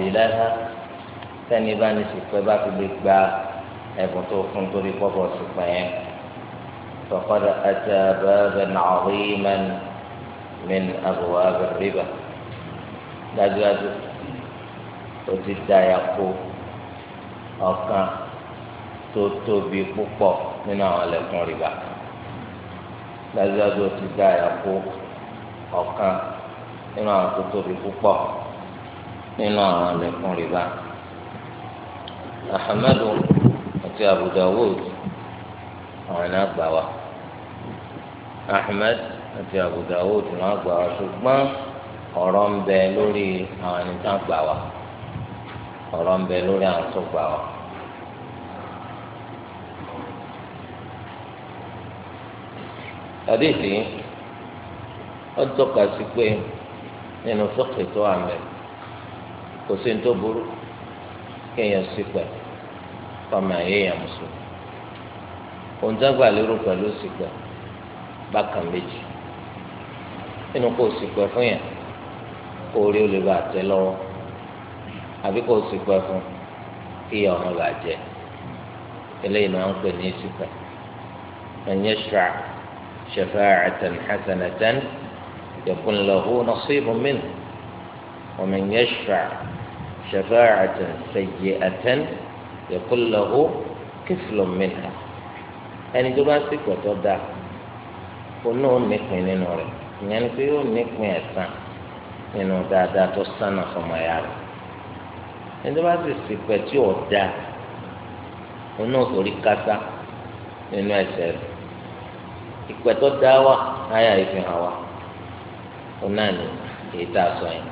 qabilaha sẹ́ni bá ní sùpẹ́ bá fi lè gba ẹ̀bùn tó fún torí pọ́pọ́ sùpẹ́ yẹn faqad ata baban aziman min abwab ar-riba dájúdájú ó ti da ẹ̀kọ́ ọ̀kan tó tóbi púpọ̀ nínú àwọn ẹlẹ́kùn rìbá dájúdájú ó ti da ẹ̀kọ́ ọ̀kan nínú àwọn tó tóbi púpọ̀ nínú àwọn àlékún rìbá ahmadu àti abu dawud àwọn náà gbà wá ahmed àti abu dawud náà gbà wá ṣùgbọ́n ọ̀rọ̀ ń bẹ lórí àwọn ẹni tá gbà wá ọ̀rọ̀ ń bẹ lórí àwọn tó gbà wá. àdéhìí ó tọ́ka sí pé nínú sọ́kè tó wà kò sí ní tó burú kéèyàn sí pẹ̀ fọmọ èèyàn mùsùlùmí òun dágbà lérò pẹ̀lú sí pẹ̀ bákan méjì nínú kò sí pẹ̀ fún yẹn kó orí ó tẹ lọ́wọ́ àbí kò sí pẹ̀ fún kíyà ọmọ bàjẹ́ eléyìí náà ń pè ní sí pẹ̀ ẹ̀yẹ́ ṣùrà ṣẹfẹ́ àtẹn hasanatan yẹ̀kùn lọ́hùn nọ́ọ̀sì ìbùnmí ọ̀mẹ̀yẹ́ ṣùrà. شفاعة سيئة يقول له كفل منها ẹni tó bá sìkò tó dáa kó náà nípìn nínú rẹ̀ ìyẹn ni pé yóò nípìn ẹ̀san nínú dáadáa tó sànà fọmọ ya rẹ̀ ẹni tó bá sì sìkò tí ò dáa kó náà forí kásá nínú ẹ̀ṣẹ̀ rẹ̀ ìpẹ tó wà láyà ìfihàn wa kó náà ní èyí tá a sọ yẹn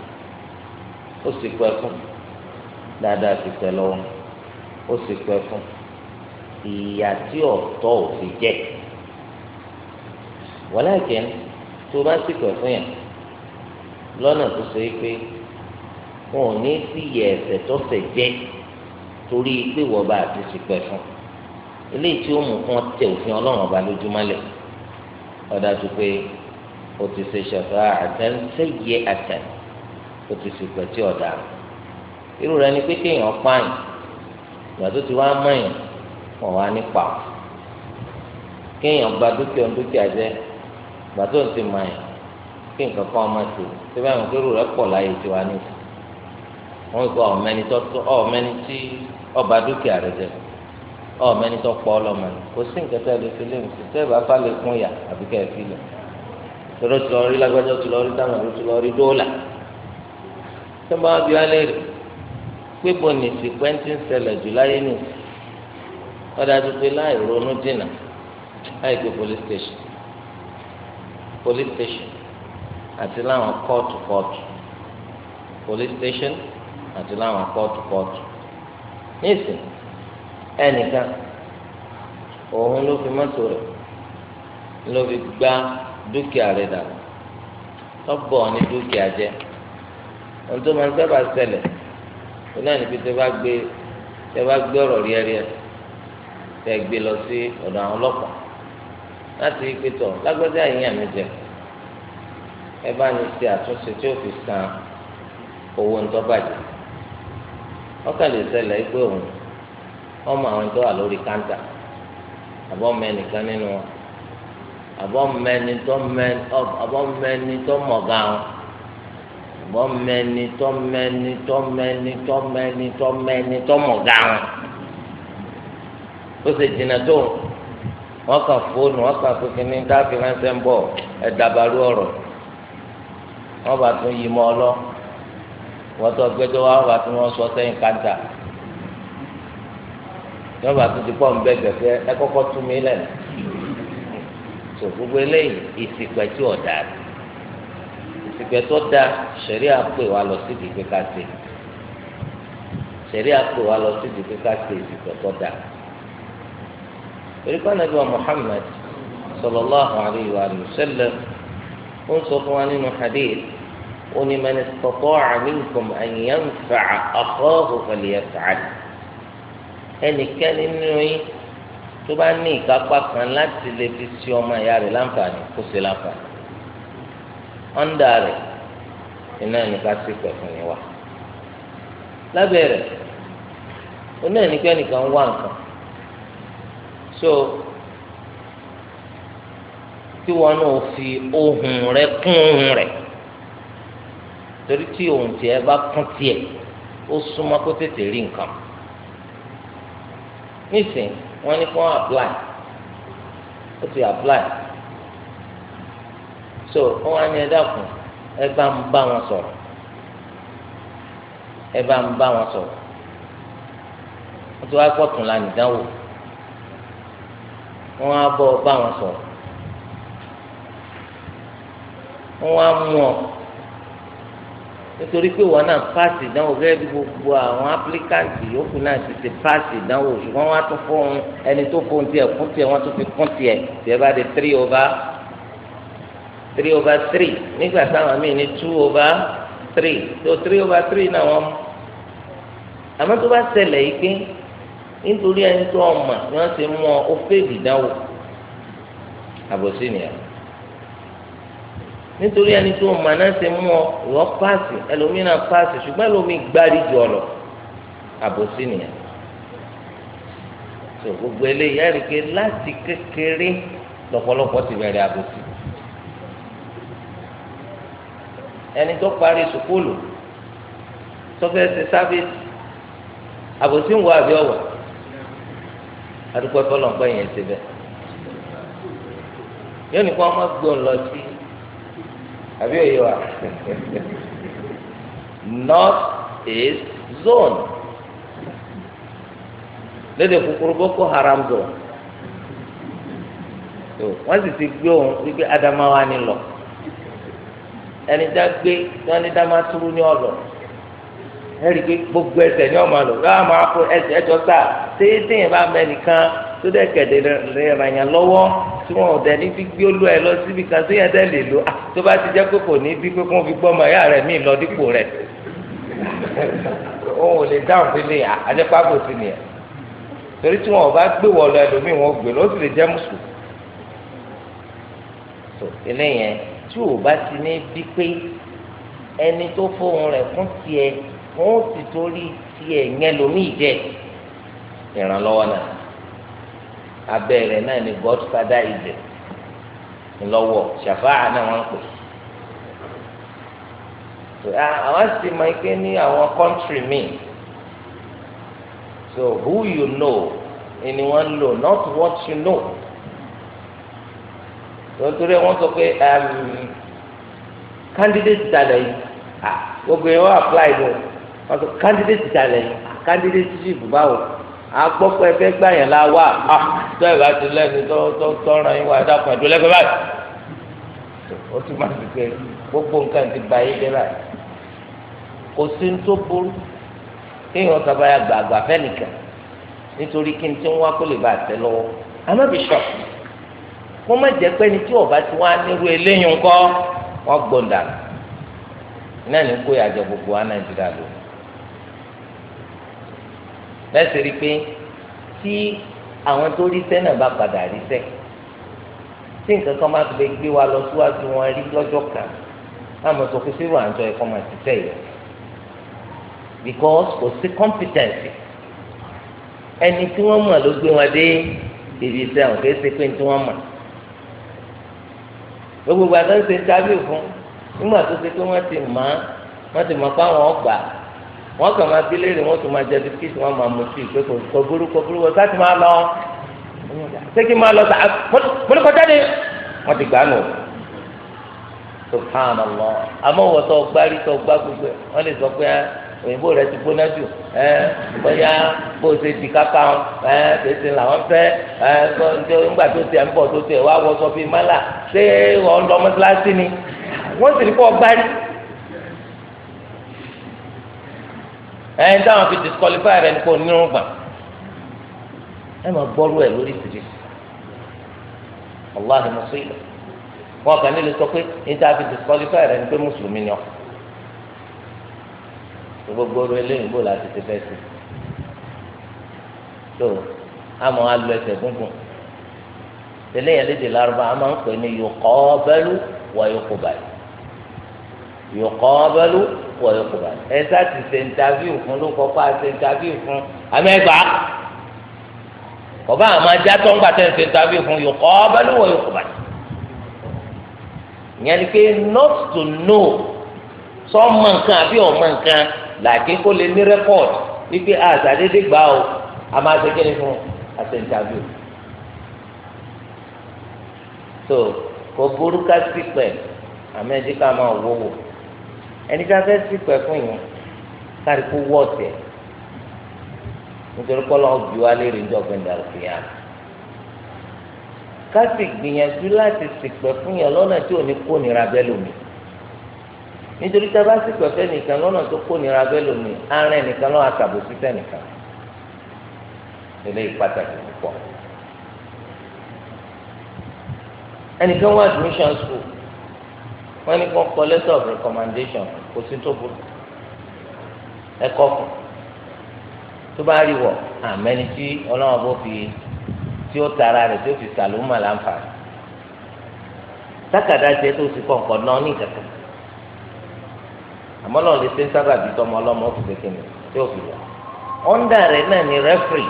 ó sìkò dáadáa ti tẹ lọ́wọ́ ó sì pẹ́ fún ìyá tí ọ̀tọ̀ ò fi jẹ́ wàláàkín tó bá sì pẹ́ fún yẹn lọ́nà tó so yí pé wọn ò ní sí yẹ ẹ̀ṣẹ̀ tó fẹ̀ jẹ́ torí pé wọ́n bá àti sì pẹ́ fún eléyìí tí ó mú kán tẹ òfin ọlọ́run ọba lójúmọ́lẹ̀ ọ̀dà tó pé o ti ṣe ṣàfà àtẹnusẹ́yẹ àtẹn o ti sì pẹ́ tí ọ̀daràn irú rẹ̀ ni pé kéèyàn pààyàn ìgbà tó ti wá mọ̀yàn wọn wá nípa o kéèyàn gba dúkìá dúkìá jẹ ìgbà tó ti mọ̀yàn kí nǹkan kan ọmọ tó tó bá yàn pé irú rẹ̀ pọ̀ láyé tí wàá nípa wọn kọ ọmọẹni tó ọmọẹni tí ọba dúkìá rẹ̀ jẹ ọmọẹni tó pọ̀ ọlọmọ ni kò sí nǹkan tó lè fi lé nǹkan tẹ́ bá fà lè kún yà àbíkẹ́ fi lẹ̀ tọ́lọ́ ti lọ rí lágbájọ́ ti lọ rí dáhùn ló ti lọ rí dóòlà tó bá wà bí wà lè pípọ̀ ní sìkwẹ́ntì ń ṣẹlẹ̀ jù láyé nù ọ̀dà tó pé láì ronú dìnnà láì pé police station police station àti láwọn kóòtù kóòtù police station àti láwọn kóòtù kóòtù nísìnyí ẹnìkan òun ló fi mọ́tò rẹ̀ ló fi gbá dúkìá rẹ̀ dànù lọ́bọ̀ ní dúkìá jẹ́ ohun tó máa ń sábà ṣẹlẹ̀ ó náà níbi tẹ́ bá gbé tẹ́ bá gbé ọ̀rọ̀ rí ẹrí ẹ tẹ́ gbé lọ sí ọ̀dọ̀ àwọn ọlọ́pàá láti rí pé tọ̀ lágbájá ìyá mi jẹ ẹ bá ní ṣe àtúnṣe tí ó fi san owó ńtọ́ bàjẹ́ ọ̀kàlẹ̀ ìṣẹ̀lẹ̀ ẹgbẹ́ òun ọmọ àwọn ẹni tó wà lórí káńtà àbọ̀ mẹ́nìkan nínú wọn àbọ̀ mẹ́ni tó mẹ́ni tó mọ̀gá wọn. bọ́mẹ́ni tọ́mẹ́ni tọ́mẹ́ni tọ́mẹ́ni tọ́mẹ́ni tọ́mọ̀gá wọn ó sì jìnnà tó wọn kàn fóònù wọn kàn fún kínní káfí ránṣẹ́ ń bọ̀ ẹ̀dàbàrú ọ̀rọ̀ wọn bá tún yí ọ wọn tó wọn bá tún wọn sọ sẹ́yìn káńtà wọn bá tún ti pọ̀ ń bẹ́ ẹ kọ́kọ́ tú mi tó gbogbo eléyìí ìsìnkú ìgbẹ́ tó da sẹ̀rí àpè wa lọ sí ìdí kíkà sí sẹ̀rí àpè wa lọ sí ìdí kíkà sí ìgbẹ́ tó da erékọ́ nàbí wa Muhammad sallallahu alayhi wa sallam ó ń sọ fún wa nínú hadith ó ní man istata'a minkum an yanfa'a akhahu falyaf'al ẹnikẹ́ni nínú yín tó bá ní ìkápá kan láti lè fi ṣe ọmọ ìyá rẹ̀ láǹfààní kó ṣe láǹfààní. ọ̀ndà rẹ̀ iná ẹnìkan sì pẹ̀fún ni wà lábẹ́ rẹ̀ ẹnìkan wá so tí wọn náà fi re rẹ̀ kún ohùn rẹ̀ torí tí ohùn tiẹ̀ bá kún tiẹ̀ ó súnmọ́ kó tètè rí nǹkan nísìnyí wọ́n ní apply ó ti apply. so wọn wá ní ẹ̀dá kù ẹ bá ń bá wọn sọ̀rọ̀ ẹ bá ń bá wọn sọ̀rọ̀ wọn ti wá pọ̀tún la nìdánwò wọn á bọ̀ bá wọn sọ̀rọ̀ wọn á mú ọ nítorí pé wọn náà paasi ìdánwò gẹ́gẹ́ bí gbogbo àwọn áplíkàǹtì yòókù náà ti ti paasi ìdánwò ṣùgbọ́n wọn á tún fún ẹni tó fún tiẹ̀ fún tiẹ̀ wọn tún fi kún tiẹ̀ tiẹ̀ bá di three over three over three nígbà táwọn míì ní two over three So three over three náà wọ́n mú àmọ́ tó bá ṣẹlẹ̀ yìí pé nítorí ẹni tó ọmọ ni wọ́n ti mú ọ ó fèèdì dánwò àbòsí nìyà nítorí ẹni tó ọmọ náà ti mú ọ ìwọ paasi ẹlòmínà paasi ṣùgbọ́n ẹlòmíì gbárí jù àbòsí nìyà tó gbogbo eléyìí ẹ̀rí pé láti kékeré lọ́pọ̀lọpọ̀ ti bẹ̀rẹ̀ àbòsí. ẹni tó parí sùkúlù tọ́fẹ́ ṣe sáfíìsì àbòsí ń wọ àbí ọ̀wọ̀ adúgbò tọ́lọ̀ pẹ́ yẹn ti bẹ̀. yóò ní kó ọmọ gbọ́n lọ sí àbí òye wa north east zone lédè kúkúrú boko haram zone wọ́n sì ti gbé òun wípé adamawa ni lọ. So, ẹni tá gbé tí wọ́n ní dá máa túrú ní ọ̀lọ́ ẹ̀rí pé gbogbo ẹsẹ̀ ní ọmọ lò láwọn máa kó ẹsẹ̀ ẹjọ́ sá téètéè bá mẹ́nìkan tó dẹ̀ kẹ̀dẹ̀ rẹ̀ ràyàn lọ́wọ́ tí wọn ò dẹ̀ ní fi gbé olú ẹ lọ síbi kan tó yẹn dẹ̀ lè lò tó bá ti jẹ́ pé kò ní bí pé kó fi gbọ́ ọmọ ìyá míì lọ dípò rẹ̀ òun ò lè dáhùn sí lè àdẹ́pàbò sí nìyẹn torí tí wọn ò bá gbé wọ ẹlòmíì wọn gbé lọ ó lè jẹ́ mùsùlùmí tí ò bá ti ní bí pé ẹni tó fóun rẹ̀ fún tiẹ̀ wọn ò sì torí tiẹ̀ yẹn lómii jẹ ìrànlọ́wọ́ náà abẹ́rẹ́ náà ni godfather ibẹ̀ ńlọ́wọ́ ṣàfáà náà wọ́n ń pè àwọn sì máa ń pè ní àwọn country míì so who you know ni wọ́n lò not what you know lọ́tọ́rí wọ́n sọ pé um, candidate dalẹ̀ yìí ah, gbogbo yẹn wọ́n apply bọ̀ wọ́n sọ candidate dalẹ̀ yìí ah, candidate ship báwo agbọ́pọ̀ ẹgbẹ́ gbà yẹn la wà á ah, tó ẹ̀ bá ti lẹ́nu tó tó tọ́ran yín wá ẹ̀ dákun ẹ̀dùn lẹ́gbẹ̀ẹ́ báyìí ó ti máa ti pé gbogbo nǹkan ti ba yín dé báyìí kò sí ní tó burú kéèyàn sábà yà gbàgbà fẹ́nìkan nítorí kí n ti ń wá kó lè bá àtẹ lọ́wọ́ amábìṣọ́ọ̀kì kó má jẹ́ pé ní tí ọba ti wá nírú eléyìí ńkọ́ wọ́n gbọ̀ǹda náà ní kó yàjọ gbogbo wa nàìjíríà lò lẹ́sẹ̀ rí pé tí àwọn tó rí sẹ́ náà bá padà rí sẹ́ tí nǹkan kan bá fi gbé wa lọ síwájú wọn rí lọ́jọ́ kan àmọ́ sọ pé sírò àjọ ẹ̀kọ́ máa ti sẹ́ yìí because kò sí competency ẹni tí wọ́n mọ̀ ló gbé wọn dé ibi iṣẹ́ àwọn kò sí pé tí wọ́n mọ̀ gbogbo àti ń ṣe interview fún nígbà tó ṣe pé wọ́n ti mọ̀ án wọ́n ti mọ̀ pé àwọn ọgbà wọ́n kàn máa bílé rè wọ́n tún máa jẹ bisikíìtì wọ́n máa mú sí ìgbé kò burú kò burú wọ́n sáà ti máa lọ ṣé kí n máa lọ sàá mo ní kọjá ni wọ́n ti gbà nù subhanallah àmọ́ wọ́n tó gbárí tó gbá gbogbo ẹ̀ lè sọ pé òyìnbó rẹ ti gbóná jù ẹ bóyá bó ṣe di kápá ọ ẹ tètè làwọn fẹ ẹ nígbà tó tẹ ń bọ tó tẹ wá wọ sọ fún mọ́là ṣé wọn lọ mọ́sálásí ni wọ́n sì ní kó ọgbá rí. ẹ ń dáhùn fi disqualify rẹ ní kó nírun gbà ẹ máa gbọ́rú ẹ lórí ìsìlẹ̀ allah ni mo sọ ìlọ wọn kàn nílò sọ pé ní tá a fi disqualify rẹ ní pé mùsùlùmí ni ọ gbogbo orí eléyìí bò láti ti bẹ́ẹ̀ sí so àmọ́ alọ ẹsẹ̀ gúngùn tẹ́lẹ̀ yẹn lédè lárúbá a máa ń pè ní yuqabalu wa yuqbal yuqabalu wa yuqbal ẹ sá ti ṣe ntàvíù fún ló kọ́kọ́ ṣe ntàvíù fún amẹ́gbà kọ́bá àmọ́ ajá tó ń gbà tẹ̀ ṣe ntàvíù fún yuqabalu wa yuqbal ìyẹn ni pé not to know sọ ọmọ nǹkan àbí ọmọ nǹkan làákè kó lè ní rẹ́kọ̀d wípé àtàdédé ah, gbà ó a máa ṣe kéde fún àtẹ̀ntàbíò tó kò burú ká sí pẹ̀ àmọ́ ẹ̀jẹ̀ ká máa wò wò ẹni tí a fẹ́ sí pẹ̀ fún yìí káàdì kó wọ́ ọ̀tẹ̀ nítorí kọ́lọ́ bí wá léèrè ní ọ̀gbìn dàrú fi hàn ká sì gbìyànjú láti sìpẹ̀ fún yẹn lọ́nà tí ò ní kó nira bẹ́ẹ̀ lómi nítorí tá a bá sì pẹ̀fẹ́ nìkan lọ́nà tó kó nira bẹ́ẹ̀ lómi ara ẹnìkan lọ́wọ́ àtàbò sísẹ́ nìkan eléyìí pàtàkì púpọ̀ ẹnìkan wá admission school wọ́n ní kó kọ letter of recommendation kò sí tó burú ẹ̀kọ́ fún tó bá rí wọ̀ àmẹ́ni tí ọlọ́run bó fi tí ó tara rẹ̀ tí ó fi sàlùmọ̀ láǹfààní tákàdá jẹ́ tó ti kọ̀ǹkọ̀ náà ní ìkàkọ́ àmọ́ lọ́n lè ṣe ń sábà bí tọmọ ọlọ́mọ ó fi ṣe kíni tí ó fi yà ọ̀ndà rẹ̀ náà ni rẹ́fìrì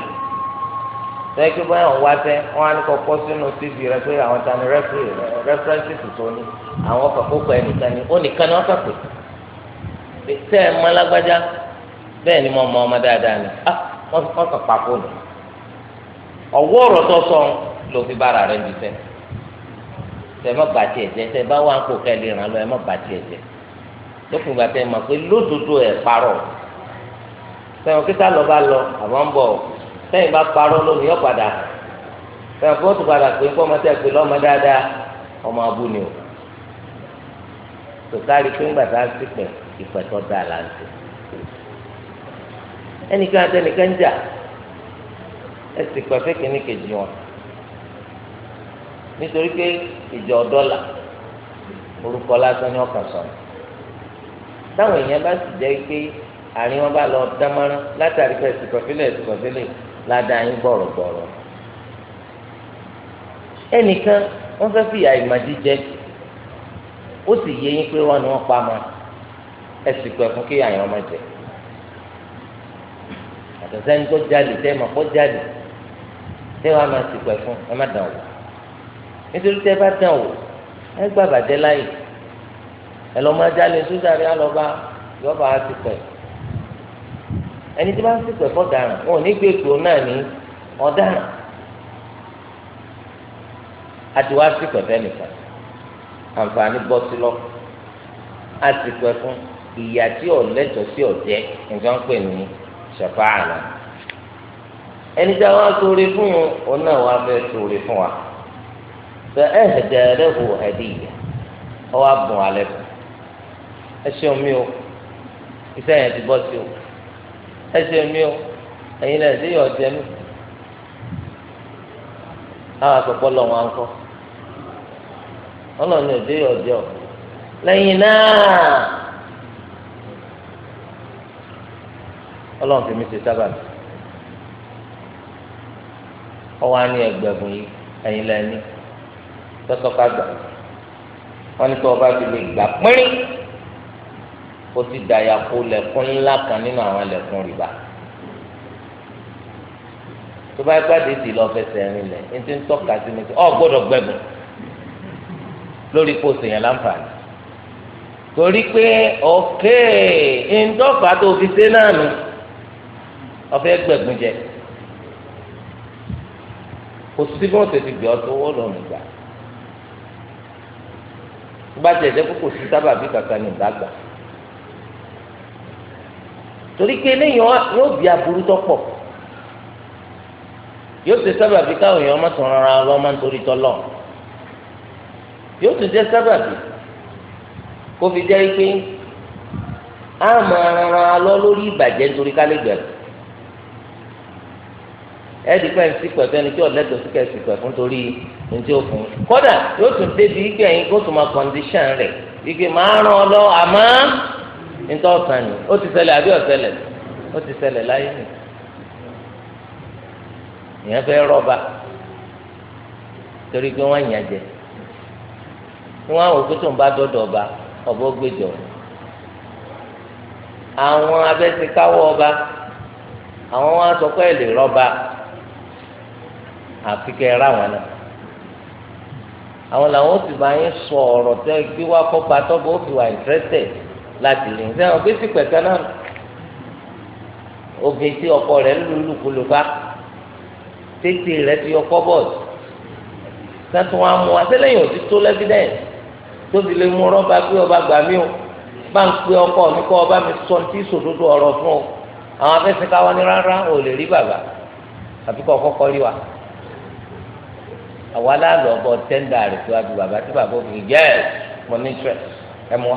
tọ́yẹ pé báyọ̀ ń wá tẹ́ wọ́n á ní kọ́ pọ́ sínú tv rẹ pé àwọn ta ni rẹ́fìrì rẹ́fìrẹ́nsìsì tó ní àwọn ọkọ̀ kókò ẹnìkan ni ó nìkan ni wọ́n kà pé tẹ́ ẹ mọ́ lágbájá bẹ́ẹ̀ ni mo mọ ọmọ dáadáa ni ah, wọ́n kàn pa fóònù ọ̀wọ́ ọ̀rọ̀ tó sọ ló fi bára rẹ̀ ń bí sẹ́ tẹ́ ẹ mọ́ bàtì ẹ̀jẹ̀ tẹ́ bá wà ń kó kẹ́lẹ́ ìrànlọ́ ẹ mọ́ bàtì ẹ̀jẹ̀ lókun ìgbà tẹ mọ̀ pé lódodo ẹ̀ parọ́ sẹ́wọ̀n kí sálọ bá lọ àwọn ń bọ̀ sẹ́yìn bá parọ́ lónìí ọ̀padà sẹ́wọ̀n kí wọ́n tún padà pé kó ọmọ tẹ̀ pé lọ́mọ dáadáa ọmọ abú ni o tòkárí pé ńgbà tá a sì pẹ̀ ìpẹ̀tọ́ dáa là ń tẹ̀ ẹnìkan àtẹnìkan ń jà ẹ sì pẹ̀ fẹ́ kìíní kejì wọn nítorí pé ìjọ ọ̀dọ́là orúkọ lásán ni ọkàn sọ̀rọ̀ táwọn èèyàn bá sì jẹ́ pé àárín wọn bá lọ dámọ́rán látàrí pé ìsìkọ̀sílẹ̀ ìsìkọ̀sílẹ̀ ládàá yín bọ̀rọ̀bọ̀rọ̀ ẹnìkan wọ́n fẹ́ fìyà ìmàdí jẹ ó sì yé yín pé wọ́n ni wọ́n pa ma ẹ̀sìn pẹ̀ fún kéèyàn yẹn ọmọ jẹ àtẹ̀sẹ́ni tó jalè tẹ́ ẹ̀ máa kọ́ jalè tẹ́ wàá máa sì pẹ̀ fún ẹ má dàn wò nítorí tẹ́ bá dàn wò ẹ gbà bàjẹ́ láyè ẹlọmọdéalè sójàre alọba yọba àti pẹ ẹni tí bá ń sìpẹ fọdaràn wọn ò ní gbé kúrò náà ní ọ̀daràn àti wá sìpẹ fẹnìkan àǹfààní bọ́ sí lọ àti pẹ fún ìyà tí ọ̀lẹ́tọ̀ sí ọ̀jẹ́ nǹkan pè ní ṣẹ̀fà àná ẹni tí a wá sóore fún yín òun náà wá fẹ́ sóore fún wa fẹ́ ẹ̀hẹ̀dẹ̀ rẹ̀ hù ẹ̀dí yẹ ọ wá bùn alẹ́ fún. ẹ omi o iṣẹ́ yẹn ti bọ́ sí o ẹ omi o ẹ̀yin náà mi lọ wọn o lẹ́yìn náà ọlọ́run fi mi ṣe sábàbí ọwọ́ á ní yìí ẹ̀yin lẹ́ni tọ́sọ́ká gbà bá lè gbà ó ti dàyàkó lẹ̀kùn ńlá kan nínú àwọn lẹ̀kùn rìbá tó bá gbàdé di lọ fẹsẹ̀ rìn lẹ̀ ní ti ń tọ́ka sí mi ọ gbọ́dọ̀ gbẹ̀gùn lórí kóso yẹn láǹfààní torí pé ọ̀kẹ́ ńdọ́fà tó fi dé náà nù ọ̀fẹ́ gbẹ̀gùn jẹ kò sí bí wọ́n tètè gbé ọtún wọ́n lọ nìgbà tó bá jẹ̀jẹ̀ kó kò sí sábàbí kàkà nìgbà gbà. torí pé eléyìí yóò bí aburú tó pọ̀ yóò ṣe sábàbí káwọn èèyàn má tọrọ ara wọn má nítorí tọlọ yóò tún jẹ sábàbí kó fi jẹ́ pé a máa lọ lórí ìbàjẹ́ nítorí ká lè gbẹ̀rù ẹ̀ẹ́dì pẹ́ ń tí ọ̀lẹ́dọ̀ fún torí ní tí ó yóò tún débi ike ẹ̀yin kó tún máa kọ́ndíṣàn rẹ̀ ike máa ràn nítorí ọ̀sán ni ó ti ṣẹlẹ̀ àbí ọ̀sẹlẹ̀ ó ti ṣẹlẹ̀ láyé nì ìyẹn fẹ́ rọ́ọ̀bà torí pé wọ́n yàn jẹ wọ́n àwọn ń ọba ọba ó gbèjọ àwọn abẹ́síkáwọ́ ọba àwọn wọn sọ pé ẹ lè rọ́ọ̀bà àfi kẹ́ ẹ rà wọn náà àwọn làwọn ó sì sọ ọ̀rọ̀ tẹ́ gbé wá kọ́ba ó láti lè ṣe ọ̀gbìn sí pẹ̀kẹ́ náà obìnrin tí ọkọ rẹ̀ ń lulú kolobá tètè rẹ̀ ti yọ kọ́bọ̀d sátún wa mú atẹ́lẹ́yìn òtí tó lẹ́fídẹ́ǹsì tó fi lè mú rọ́bà pé ọba gbà mí o bá ń pe ọkọ mi kọ́ ọba mi sọ tí sòdodo ọ̀rọ̀ fún o àwọn afẹ́sìn káwọn ní rárá ò lè rí bàbá àfi kọ́ kọ́kọ́ rí wa àwa láàlọ́ ọbọ̀ tẹ́ńdà rẹ̀ tó wá ju bàbá tí bàbá òfin yẹ́ẹ̀ mọ́ ní tírẹ̀ ẹ̀ mọ́.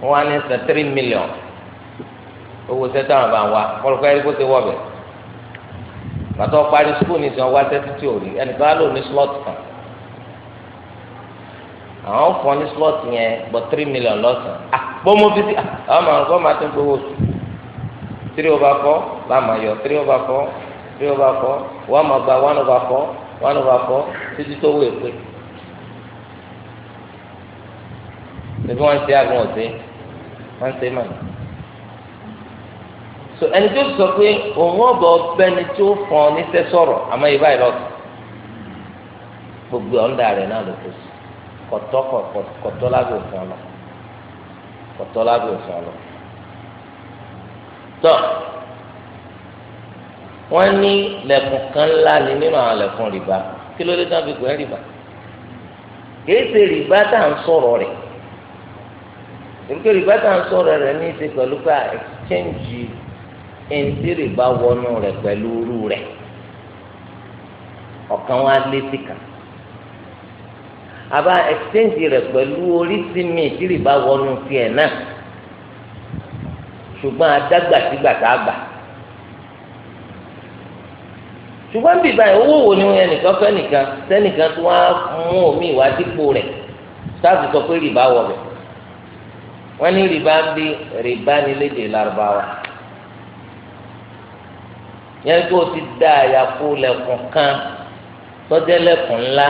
wọn wá ní sẹ tírí mílíọ̀n owó sẹta wọn bá wa kọlùkọ ẹni kó ti wọ bẹ pàtó parí skul ní sọ wá tẹ́tí tí ò rí ẹnìkan á lò ní slot kan àwọn fọ ní slot yẹn bọ tírí mílíọ̀n lọ́sàn án bọ́mọ fisi àwọn màá kọ́ máa tó gbowó sùn tírí ọba fọ bá máa yọ tírí ọba fọ tírí ọba fọ wọ́n máa gba wọ́n ọba fọ wọ́n ọba fọ títí tó wọ èpè. Ebi wọn ṣe àgùn ọ̀sẹ̀ wọ́n ṣe mọ̀ so ẹni tó sọ pé òun ọ̀bọ̀ ọbẹ̀ni tó fọ́n níṣẹ́ sọ̀rọ̀ àmọ́ ibà ìlọ́sùn gbogbo ọ̀ndà rẹ̀ náà ló kó sí kọ̀tọ́ kọ̀tọ́ lábẹ́ òfin ọlọ kọ̀tọ́ lábẹ́ òfin ọlọ. tọ́ wọ́n ní lẹ̀kùn kan ńlá ni nínú àwọn lẹ̀kùn rìbá kí ló dé tán fi gbẹ́ rìbá kìí ṣe rìbá tá à ń sọ̀rọ̀ rẹ̀ èdèké rìbá tá à ń sọ̀rọ̀ rẹ̀ ní ìṣe pẹ̀lú pé ẹ̀kíńjì ẹ̀ǹtí rìbá wọnú rẹ̀ pẹ̀lú irú rẹ̀ ọ̀kan wá létí kan àbá ẹ̀kíńjì rẹ̀ pẹ̀lú oríṣi mi tí rìbá wọnú tiẹ̀ náà ṣùgbọ́n adágbàtígbà tá a gbà ṣùgbọ́n bí báyìí owó wo ni wọ́n yẹn nìkan fẹ́ nìkan sẹ́nìkan tó wá mú omi ìwà dípò wọ́n ní rìbá ń bí rìbá ní lédè lárúbáwá yẹn tó ti dá àyàkú lẹ̀kùn kan tọ́jẹ́ lẹ̀kùn ńlá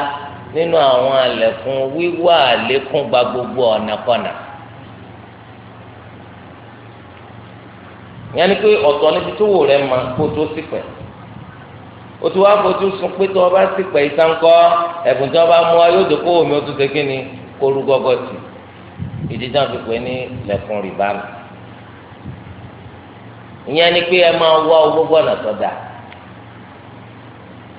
nínú àwọn àlẹ̀kùn wíwá àlékún gba gbogbo ọ̀nàkọ̀nà. yẹn ni pé ọ̀tọ̀ níbi tó wò rẹ̀ mọ kó tó sì pẹ̀ o ti wá fojú sun pé tí wọ́n bá sì pẹ̀ ìtàn ẹ̀bùn tí wọ́n bá mú ọ yóò dókòwò mi ó tún ṣe kí ni kó rú gọ́gọ́ sí i. ìdíjà fi pè ní lẹ̀kùn rìbá mi ìyẹn ni pé ẹ máa wá owó gbọ́nà tó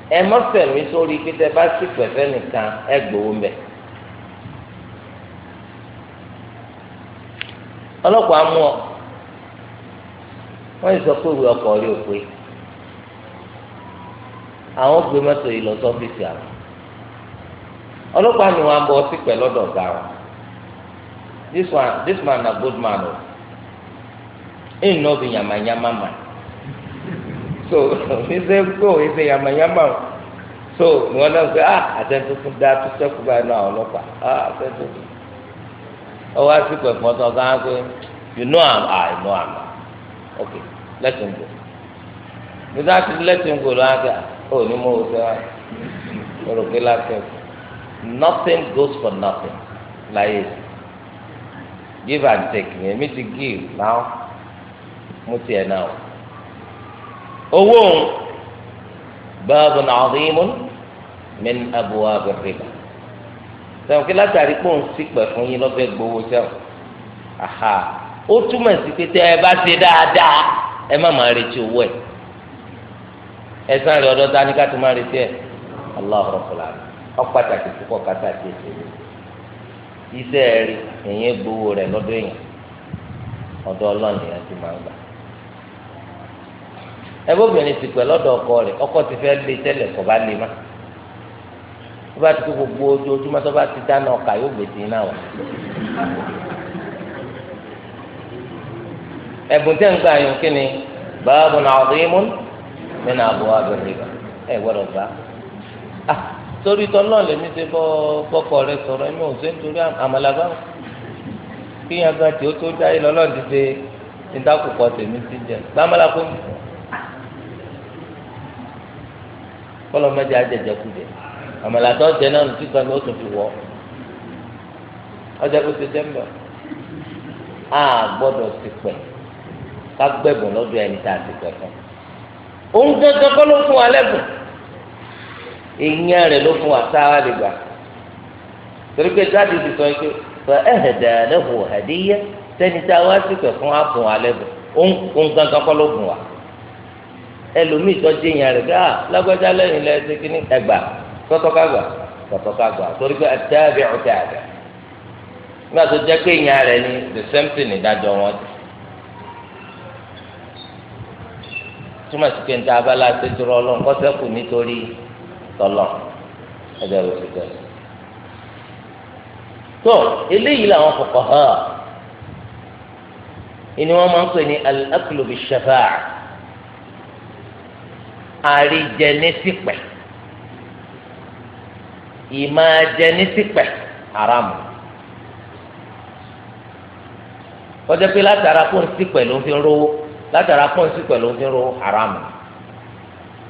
ẹ má fẹ̀mí sórí pé tẹ bá sì pẹ̀fẹ́ nìkan ẹ gbowó mbẹ. ọlọ́pàá mú ọ wọ́n sọ pé ìwé ọkọ̀ rí òpè àwọn gbé mọ́tò yìí lọ sọ́fíìsì this one this man na good man o oh. him no be yamayama man so he say go he say yamayama o so wọn náà sọ ah àtẹnudó fún dá tó sẹkù báyìí náà ọlọ́pàá ah àtẹnudó fún ọwọ àsìkò ẹ̀fọn tó ọgá pé you know am i know am okay let him go nígbà tí oh, let him go lọ àgbà ó ní mo wò sẹ́wà mo rò pé láti ẹ̀kọ́ nothing goes for nothing láyé sí give and take yẹn mi ti give now mo tiẹ̀ náà owó òun báàbò náà ọ̀dọ́ ìmú mi ní abúlé abẹ́rẹ́bà sẹ́wọ̀n kí látàrí pé òun sì fún yín lọ́fẹ̀ẹ́ gbowó sẹ́wọ̀n aha ó túmọ̀ sí pé tẹ́ ẹ bá ṣe dáadáa ẹ má máa retí owó ẹ̀ ẹ̀sán rẹ̀ ọ̀dọ́ ta ni ká tó máa retí ẹ̀ aláhùn ọ̀fọ̀lá ọ̀pàtàkì púpọ̀ kátà kí ẹ ṣe é. iṣẹ́ rí èyàn gbowó rẹ̀ lọ́dọ̀ enyi ọ̀dọ̀ ọlọ́ọ̀ni yẹn ti máa ń gbà. ẹgbẹ́ obìnrin ti pẹ̀ lọ́dọ̀ ọkọ rẹ̀ ọkọ ti fẹ́ lé tẹ́lẹ̀ kọ́ bá lé má. tó bá ti kó gbogbo ojoojúmọ́ tó bá ti dáná ọkà yóò gbèsè iná wà. ẹ̀bùn tẹ́ ń gbà yín ni báwo ni àwọn ọ̀dọ́ yín mú torí tọ́lọ́ lèmi ṣe bọ́ bọ́kọ rẹ sọ̀rọ̀ ẹ̀mí ò ṣe ń torí àmàlàbá kí yẹn gan tí ó tó dá yìí lọ́lọ́ ti ṣe ìdákùkọ tèmi ti jẹ gbàmàlà kó mi kọlọ mẹjẹ ajẹjẹ kú jẹ àmàlà tó jẹ náà lùtí kan ló tún fi wọ ọjà kó ti jẹ mbọ a gbọ́dọ̀ ti pẹ ká gbẹbùn lọ́dọ̀ ẹni tá a ti pẹ fún un òun kọlọ fún wa lẹbùn. ìyẹn rẹ̀ ló fún àtàwà lè torí pé jáde ti sọ pé fẹ tí a wá sí pẹ fún abùn alẹ bùn òun gangan kọ́ ló bùn wa ẹlòmíì ìyẹn ah, lágbájá ẹgbà gbà gbà torí pé àgbà nígbà tó pé ìyẹn ni the same thing wọn ti. túmọ̀ sí pé ní ṣe dúró ọlọ́run kọ́sẹ́kù nítorí. sọlọ ẹgbẹ́ rẹ̀ ti tẹ̀. tó eléyìí làwọn kọ̀kọ̀ hàn ìní wọn máa ń pè ní al-aklu bish-shafa'a àríjẹnísìpẹ̀ ìmájẹnísìpẹ̀ haramu kọjá pé látara kó ló ń fi rówó látara kó ló ń fi rówó haramu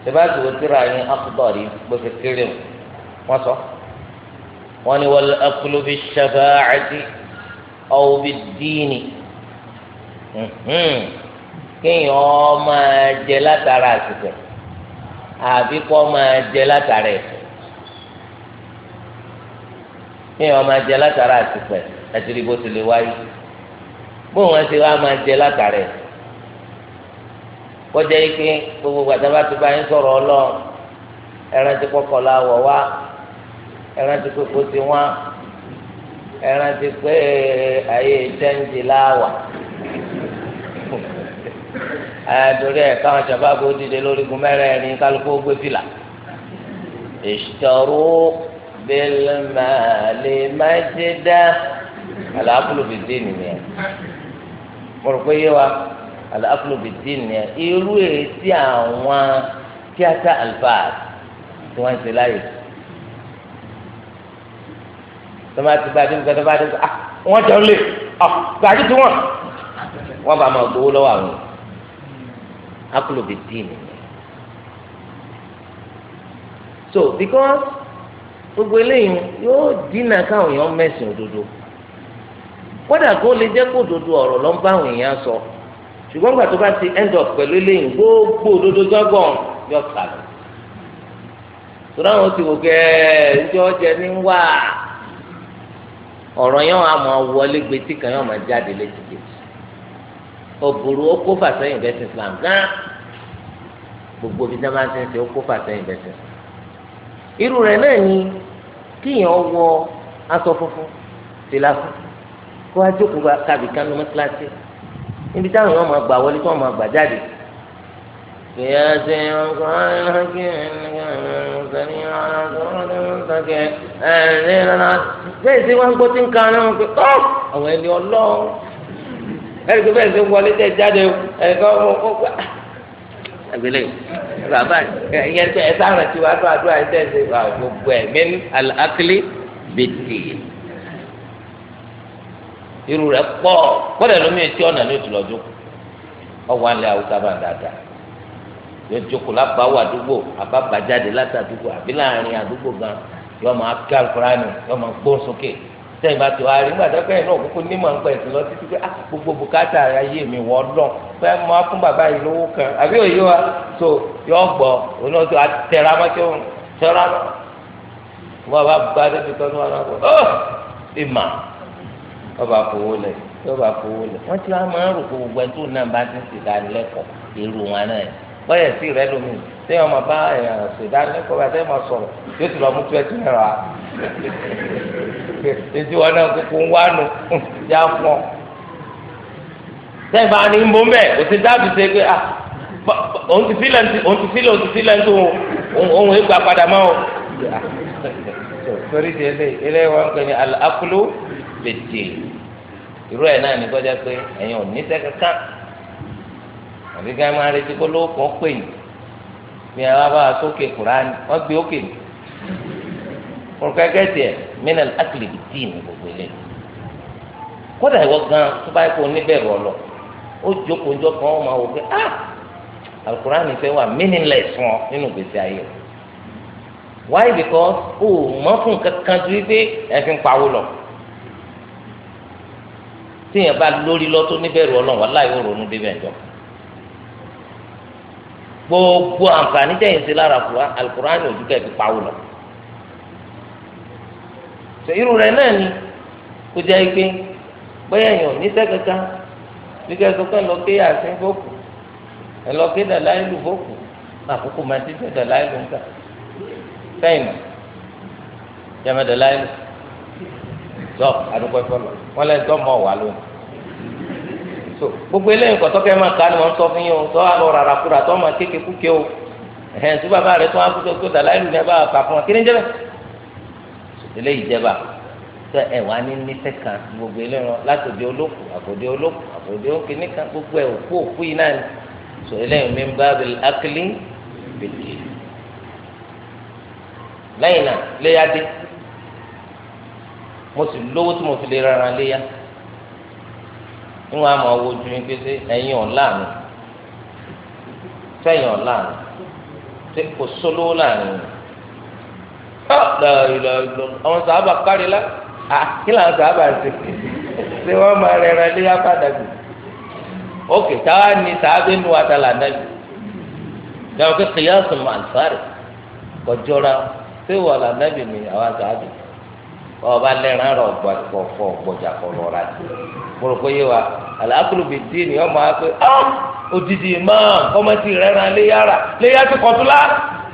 sebaasi wo tira yín akutọri gbèsè kiri wọn sọ wọn ni wal akulu bi shafaati aw bi diini kéèyàn ó máa jẹ látara àtìsẹ àbí kó máa jẹ látara ẹsẹ kéèyàn ó máa jẹ látara àtìsẹ àti ìdìbò ti lè wáyé bóun ẹ ti wá máa jẹ látara ẹsẹ kọjá yìí pé gbogbo gbàdábà ti bá yín sọ̀rọ̀ ọlọ́run ẹran ti kọ́kọ́ la wọ̀ wá ẹran ti kókó ti wá ẹran ti pé ayé ìtẹ́ǹdì la wà àdúrà ẹ̀ káwọn sábàbí ó dìde lórí gun mẹ́rẹ̀ẹ̀rin kálukú gbé fìlà ìṣòro bẹ́lẹ̀mẹ́lẹ́ máa ti dá àlàáfíà lòdì dé nìyẹn mo rò pé yé wa aláfúlùbìtì nìyẹn irú èsì àwọn tíátà alfaas tí wọ́n ń ṣe láyè tọ́mátì bá dé nǹkan bá dé ah wọ́n jọ lè ah gàdí tí wọ́n wọ́n bá máa gbowó lọ́wọ́ àwọn aláfúlùbìtì nìyẹn so because gbogbo eléyìí yóò dínà káwọn èèyàn mẹ́sìn òdodo kódà kó lè jẹ́ kó òdodo ọ̀rọ̀ ló ń bá àwọn èèyàn sọ. So ṣùgbọ́n gbà tó bá ti end up pẹ̀lú eléyìí gbogbo òdodo gbọ́gbọ̀n yọ sàlẹ̀ tó dáhùn ó ti wò gẹ́ẹ́ ǹjẹ́ ọjẹ́ ní wà ọ̀rọ̀ yẹn wà máa wọlé gbetí kan yẹn wà máa jáde létí kejì òbúrú ó kó fàṣẹyìn bẹ́sẹ̀ Islam gán gbogbo ibi náà máa ń sẹ́ńsẹ́ ó fàṣẹyìn bẹ́sẹ̀ irú rẹ̀ náà ni kíyàn wọ aṣọ funfun tìlà fún kó wá jókòó kábìkan ní mọ́tíláṣí níbi táwọn èèyàn máa gbà wọlé tí wọ́n máa gbà jáde. kìyà ṣe ọkọ ayọ̀kẹ́ ẹ̀ẹ́dẹ́gbẹ̀rún ọ̀sẹ̀ ẹ̀ẹ́dẹ́gbẹ̀rún bẹ́ẹ̀ sí wọn gbọ́ tí ń kan náà wọn pé tọ́ àwọn ẹni ọlọ́run ẹ̀rí tó bẹ́ẹ̀ sí wọlé tẹ̀ jáde ẹ̀kọ́ ọmọ àgbélé bàbá ìyẹn tẹ ẹ sáré tiwa tó àdúrà ẹ tẹ ẹ gbogbo ẹ mẹ́ni bìtì. irú rẹ̀ pọ̀ kọ́lẹ̀ lómi etí ọ̀nà ní òtún lọ́jọ́ ọwọ́ alẹ́ haúsá bá ń dáadáa yóò jókòó dúgbò àdúgbò àbábàjáde àdúgbò àbí láàrin àdúgbò gan máa alukurani máa gbó sókè bá tó gbàdá náà kókó ní màá ń lọ títí pé ah, gbogbo ayé mi lọ fún bàbá yìí lówó kan àbí òye wa tó yọ gbọ́ òun náà tó àtẹ̀rà mọ́tò tẹ̀rà lọ. wọ́n bá débi wọn ọba fowó lẹ ọba fowó lẹ wọn ti wá máa ń rò pé gbogbo ẹni tó náà bá ti ń ṣèdánilẹ́kọ̀ọ́ èrò wọn náà bọyẹ sí rẹ lómi ṣé ọmọ bá ṣèdánilẹ́kọ̀ọ́ bá tẹ mọ sọ̀rọ̀ yóò ti lọ mú tó ẹtú náírà ètò wọn náà kúkú ń wá nu yá fún ọ sẹgbàá ni ń bọ mẹ kò ti dábì ṣe pé ah òun ti sílẹ̀ òun ti sílẹ̀ òun ti sílẹ̀ ń tó òun ègbà padà mọ́ o. torí ti ilé ilé wọn kò ní lè dè irú ẹ̀ náà ní kọjá pé ẹ̀yin ò ní sẹ́kẹ̀kán àbí ká máa retí kó lówó kan pè ní bí ẹ wá bá a sókè kúránì wọ́n gbé ókè ní kọ̀ọ̀kẹ́kẹ́ tiẹ̀ mínà ákìlì dì ní gbogbo eléyìí kódà ìwọ gan tó bá yẹ kó níbẹ̀rù ọ̀lọ́ ó jókòó njọ́ kan ó máa wò ah alukurani fẹ́ wà meaningless fún ọ nínú gbèsè ayé o why because o mọ̀ fún kankan ju wípé ẹ fi ń pawó lọ téèyàn bá lórí lọ́tọ́ níbẹ̀rù ọlọ́run wà láì ronú débẹ̀ jọ. gbogbo àǹfààní tẹ̀yìn sí lára alukur'ani ojú kẹ́ fi pawó lọ. sọ irú rẹ̀ náà ni kò jẹ́ pé bóyá èèyàn ní sẹ́kẹ̀kẹ́ bí kẹ́ sọ pé ẹ lọ ké yàtí fòkù ẹ lọ ké dàlá ìlú fòkù àkókò máa ti tẹ̀ dàlá sẹ́yìn mọ̀ jẹ́mẹ̀ dàlá tọ adúgbò ẹfọlọ wọn lẹ tọ mọ wà lónìí so gbogbo eléyìí kọtọ kẹ máa kà ni wọn sọ fún yín o tọ àlọ rárá kúrò àtọ máa kéke kúkẹ o ẹhẹn tí bàbá rẹ tó wá kúkẹ tó dàlá ìlú ní ẹ bá kà fún wa kí ni jẹbẹ eléyìí jẹba tọ ẹ wà ní nífẹ kan gbogbo eléyìí wọn látòdì olóko àkòdì olóko àkòdì òkè nìkan gbogbo ẹ òkú òkú yìí náà ni so eléyìí mi ń bá akílí bèjì lẹ́yìn náà léyàdé. mo sì lówó tí mo fi lè rárá léyà níwọ̀n àmọ́ owó ju yín pété solo ọ̀làánú fẹ̀yìn ọ̀làánú tí kò sólówó láàrin àwọn sàábà kárí la kí làwọn sàábà ṣe ṣé wọ́n máa rẹ̀ra léyà padà bì ókè táwa ni sàábà nu àtàlà nàbì dáwọ́ kí kìyàsùn màlúfàrẹ̀ kọjọ́ra ṣé wọ́n là nàbì àwọn ọba lẹ́ran rọ̀ gbọ̀fọ̀ gbọ̀jà kọ̀ lọ́ra jù mo rò pé yé wa àlàkùlù bíi ni ọmọ akpé odidi máa rẹ́ran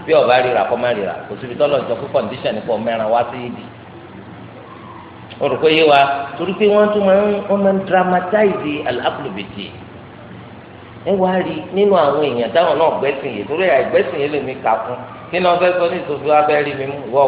bí ọba rira kọ́mẹ́ kò síbi tọ́lọ̀ kọ́ndíṣàn nípa wá sí ibi mo rò pé yé dramatize àlàkùlù ẹ wá rí nínú àwọn èèyàn táwọn náà gbẹ́sìn yìí torí àìgbẹ́sìn fún kí fẹ́ sọ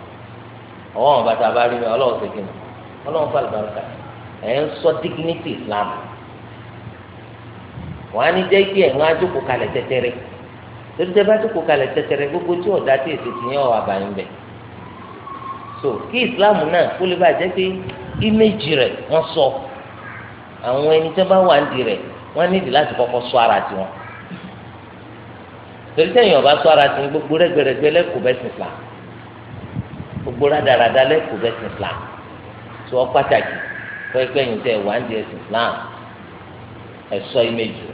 ọwọ́ àwọn bàtà bá rí mi ọlọ́run ṣe kí ni ọlọ́run fà lùbáríkà ẹ̀ ń sọ dignity Islam wọ́n á ní jẹ́ kí ẹ̀wọ̀n ajókòó kalẹ̀ tẹ́tẹ́rẹ́ torí tẹ́ bá jókòó kalẹ̀ tẹ́tẹ́rẹ́ gbogbo tí ọ̀dà tí èsì ti yẹn ọ̀ àbàyàn bẹ̀ so kí Islam náà kó lè bá jẹ́ pé íméjì rẹ̀ wọ́n sọ àwọn ẹni tẹ́ bá wà ń di rẹ̀ wọ́n nídìí láti kọ́kọ́ sọ ara tiwọn torí tẹ́yìn ọ̀bá sọ ara tiwọn gbogbo rẹ́gbẹ̀rẹ́gbẹ́ lẹ́kọ̀ọ́ bẹ́sìn Islam gbogbo rádaràda lẹ́kọ̀ọ́ bẹ́sìn islam tí wọ́n pàtàkì pẹ́ẹ́pẹ́ yìí tẹ̀ wá ń di ẹ̀sìn islam ẹ̀sọ́ ìmẹ̀jì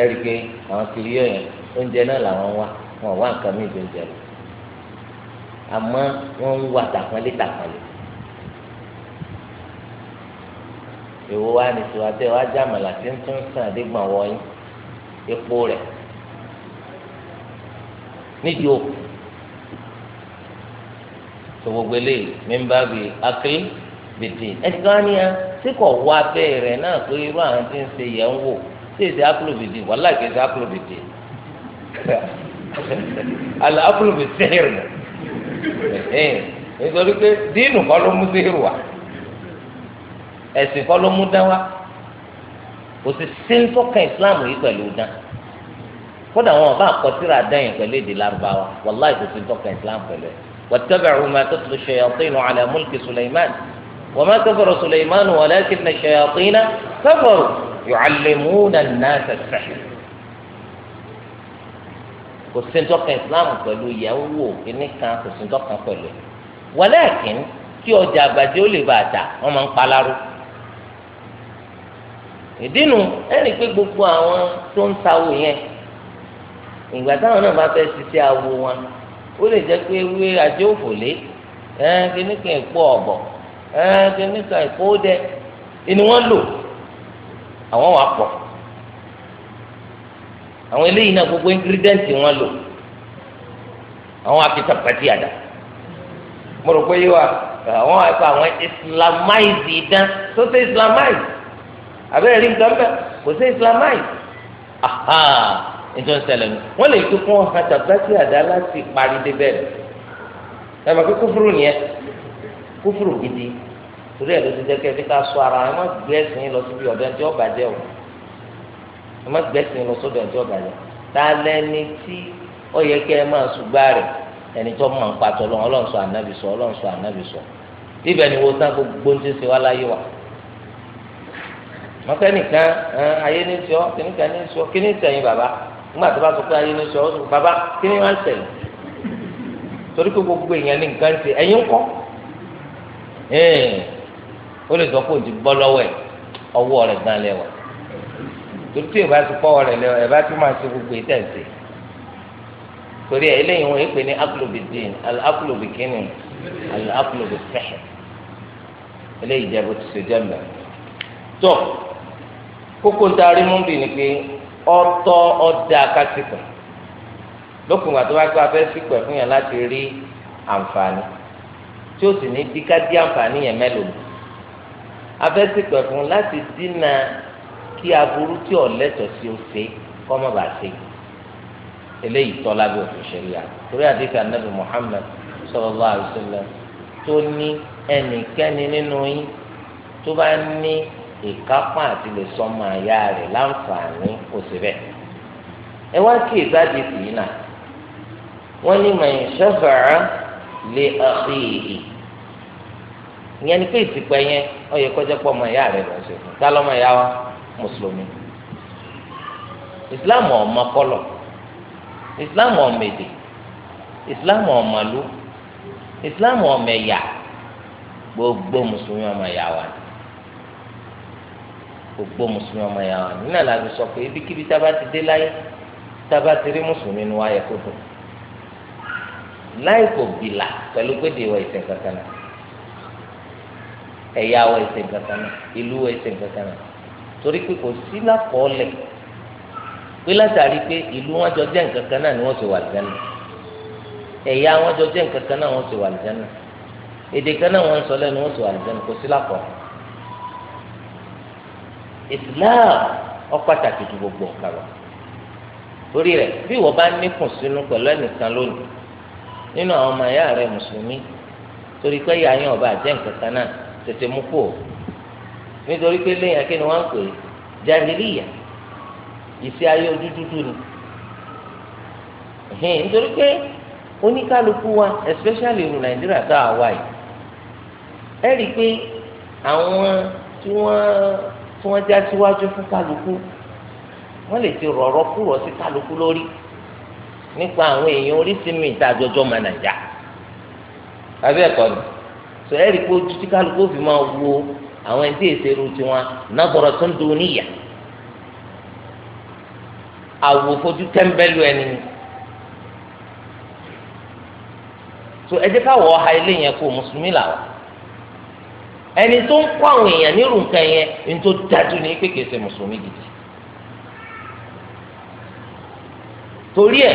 ẹ̀rí pé àwọn kiri yóò yẹn oúnjẹ náà làwọn wá wọn wá nǹkan mí ìdó oúnjẹ rẹ àmọ́ wọ́n ń wà tàpọ́nlé tàpọ́nlé èwo wá ní tiwa tẹ́ wá jámàlà tí ń tún sàn dégbà wọ́nyí epo rẹ̀ nídìí òkú tó gbogbo eléyìí mímbà bíi akílì bìtì ẹsìkánìyà tí kò wá bẹ́ẹ̀ rẹ̀ náà pé irú àwọn tí ń ṣe yẹn ń wò tí èsì akílì bìtì wà láì kẹsì akílì bìtì àlà akílì bìtì sẹ́yìn rẹ̀ nítorí pé dínú kọ́ ló mú sẹ́yìn wá ẹ̀sìn kọ́ ló mú dá wá kò sì sí ń tọ́ka ìsìláàmù yìí pẹ̀lú dán kódà wọn bá àkọsílẹ̀ àdáyìn pẹ̀lú èdè lárúbáwá wàláì kò sí tọ́ka islam pẹ̀lú ẹ̀ واتبعوا ما تتلو الشياطين على ملك سليمان وما كفر سليمان ولكن الشياطين كفروا يعلمون الناس السحر kò sí tọ́ka islam pẹ̀lú ìyàwó kìíní kan kò sí tọ́ka pẹ̀lú ẹ̀ wàlẹ́kìn kí ọjà àgbàjẹ́ ó lè bàtà wọ́n máa ń paláró ìdínú ẹ̀rí pé gbogbo àwọn tó ń sawó yẹn ìgbà táwọn náà bá fẹ́ ṣiṣẹ́ awo wọn ó lè jẹ́ pé ewé ajé òfòlé kíníkan ìpò ọ̀bọ̀ kíníkan ìpò ọdẹ ni wọ́n lò àwọn wà pọ̀ àwọn eléyìí náà gbogbo ingírídẹ́ǹtì wọn lò àwọn akitapati àdá mo rò pé yìí wà àwọn ẹ̀kọ́ àwọn islamize ìdán tó ṣe islamize àbẹ́rẹ́ rí nǹkan bẹ́ẹ̀ kò ṣe islamize aha nítorí ń ṣẹlẹ̀ nù wọ́n lè kí fún ọ̀hán tàbátì àdá láti parí dé bẹ́ẹ̀ ẹ mọ̀ pé kúfúrú nìyẹn kúfúrú gidi torí ẹ̀ ló ti dẹ́kẹ́ bí ká sọ ara ẹ má gbé ẹ̀sìn lọ síbi ọ̀dọ̀ ẹ̀ńtí ọ̀bà jẹ́ o ẹ má gbé ẹ̀sìn lọ sọ́dọ̀ ẹ̀ńtí ọ̀bà jẹ́ ta lẹ́ni tí ó yẹ kẹ́ ẹ máa ṣùgbá rẹ̀ ẹni tó máa ń patọ́ lọ́wọ́ ọlọ́run sọ ànábì sọ ọlọ́run ni wo tán gbogbo ti ń ṣe wá láyé wa mọ́tẹ́nìkan ayé ní sọ kìnnìkan ní sọ kìnnìkan yín bàbá nígbà tó bá sọ pé ayé ní sọ ọ́ sọ bàbá kí ni wọ́n ń sẹ̀lẹ̀ torí pé gbogbo èèyàn ní nǹkan ṣe ẹ̀yin ń kọ́ ó lè sọ pé òun ti bọ́ lọ́wọ́ ẹ̀ ọwọ́ rẹ̀ gan lẹ́wà torí tí ìbá ti pọ́wọ́ rẹ̀ lẹ́wà ìbá ti máa ṣe gbogbo ètò ẹ̀sìn torí ẹ̀ eléyìí wọ́n èpè ní akulobi dín akulobi kínní akulobi fẹ́hẹ̀ eléyìí jẹ́ bó ti ṣe jẹ́ mẹ́rin tó kókó ń taari mú bí ni pé ọtọ ọdà kásìkò lókùn ìgbà tó bá gbé abẹ́ sípò ẹ̀ fún yàn láti rí àǹfààní tí ó sì ní bí ká dí àǹfààní yẹn mẹ́lòó abẹ́ sípò ẹ̀ fún láti dínà kí aburú tí ò lẹ́tọ̀ọ́ sí o ṣe kọ́ mọ́ bàá ṣe eléyìí tọ́ lábẹ́ òfin ṣẹlẹ̀ torí àdéhùn anábì Muhammad sallallahu alaihi wasallam tó ní ẹnikẹ́ni nínú yín tó bá ní ìkápá àti lè sọmọ àyà rẹ̀ láǹfààní kò sí bẹ́ẹ̀. ẹ wá kí ìgbàdì tì í nà wọ́n ní mà ń ṣẹ́fàá lè àfi ìhì ìyẹn ni pé ìsìpẹ́ yẹn ó yẹ kọjá pọ̀ ọmọ àyà rẹ̀ lọ́sẹ̀ fún tá lọ́mọ àyà wa mùsùlùmí islam ọmọ kọlọ̀ islam ọmọ èdè islam ọmọlú islam ọmọ ẹ̀yà gbogbo mùsùlùmí ọmọ ẹ̀yà wa ni gbogbo mùsùlùmí ọmọ yà wọn nínú àlàyé sọ pé ibikíbi tá a bá ti dé láyé tá a bá ti rí mùsùlùmí nu ayẹ kó dùn láì kò bìlà pẹ̀lú gbèdè wa ìsìn kankan náà ẹ̀yà wa ìsìn kankan náà ìlú wa ìsìn kankan náà torí pé kò sí lákọọ́lẹ̀ pé látàrí pé ìlú wọn jọ jẹ́ nǹkan kan náà ni wọ́n ti wà lẹ́nu ẹ̀yà wọn jọ jẹ́ nǹkan kan náà wọ́n ti wà lẹ́nu èdè kan náà wọ́n sọ lẹ́nu wọ́n ti wà lẹ́nu kò sí lákọọ́lẹ̀ islam ó pàtàkì ju gbogbo nǹkan lọ torí rẹ̀ bí ìwọ bá níkùn sínú pẹ̀lú ẹnìkan lónìí nínú àwọn ọmọ ẹ̀yà rẹ̀ mùsùlùmí torí pé ìyá yẹn ọba àjẹ́ nǹkan kan náà tètè mú kú o nítorí pé lẹ́yìn akínú wọn pè é jahiliya ìṣe ayé ojú dúdú ni nítorí pé oníkálukú wa especially ìlú nàìjíríà tá a wà yìí ẹ rí i pé àwọn tí wọ́n tí wọ́n já síwájú fún kálukú wọ́n lè ti rọ̀rọ̀ kúrọ̀ sí kálukú lórí nípa àwọn èèyàn oríṣi mi ìta àjọjọ́ máa nàjà abẹ́ ẹ̀kọ́ ni sọ ẹ́ rí i pé ojú tí kálukú fi máa wo àwọn ẹni tí èsè ru tiwọn nàbọ̀rọ̀ tó ń do níyà àwò so ẹ jẹ́ ọha ilé yẹn kó mùsùlùmí làwọn. ẹni tó ń kó àwọn èèyàn nírú nǹkan yẹn ní tó dájú ní pé kìí ṣe mùsùlùmí gidi torí ẹ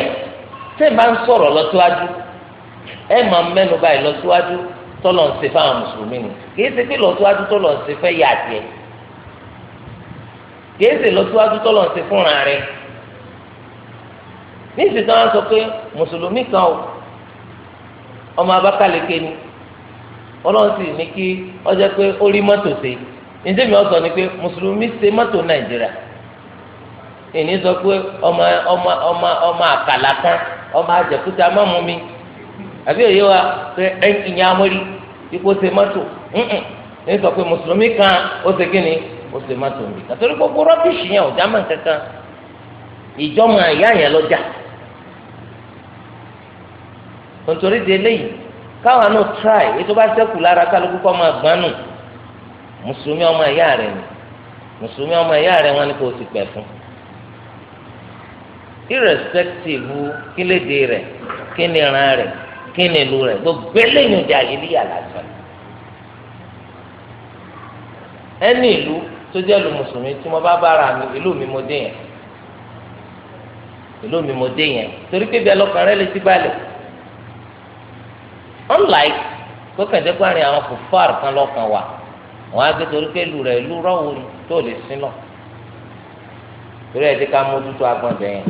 tẹ́ máa ń sọ̀rọ̀ lọ́síwájú ẹ máa ń mẹ́nu báyìí lọ́síwájú tọ́lọ̀ ń ṣe fáwọn mùsùlùmí ni kìí ṣe pé lọ́síwájú tọ́lọ̀ ń ṣe fẹ́ yà jẹ́ kìí ṣe lọ́síwájú tọ́lọ̀ ń ṣe fúnra rẹ̀ ní ìsìtàn wọn sọ pé mùsùlùmí kan o ọmọ Abakaliki ni ọlọ́run sì ní kí ọjọ́ pé ó rí mọ́tò ṣe nítorí wọn sọ ni pé mùsùlùmí ṣe mọ́tò nàìjíríà èyí sọ pé ọmọ ọmọ ọmọ ọmọ àkàlà kan ọmọ àjẹkúta mọ́mú mi àbí òye wa pé ẹ̀yìn amórí ipò ṣe mọ́tò sọ pé mùsùlùmí kan ó ṣe kí ni ó ṣe mọ́tò mi kàtó ní gbogbo rọ́bìṣì yẹn ò já mọ́ kankan àyà yẹn lọ́jà káwọn náà try ètò bá sẹ́kù lára kálukú kọ́ máa gbọ́n nù mùsùlùmí ọmọ ẹ̀yà rẹ̀ ni mùsùlùmí ọmọ ẹ̀yà rẹ̀ wọn ni kò sì pẹ̀ fún irrespective kílédè rẹ̀ kíni ìran rẹ̀ kíni ìlú rẹ̀ gbogbo eléyìí ọjà yìí ní àlàáfíà ẹni ìlú tó jẹ́ lu mùsùlùmí tí mo bá bára mi ìlú mi mo dé yẹn ìlú mi mo dé yẹn torí pé bí ẹlọ́kàn rẹ̀ lè ti balẹ̀ unlike kókèjẹ́ gbárin àwọn kòfàr kan lọ́kàn wà wọ́n á gbé torí pé ìlú rẹ̀ ìlú rọ́wọ́ ni tó lè sin lọ. torí ẹ̀ ti ká mójútó agbọ̀n bẹ́ẹ̀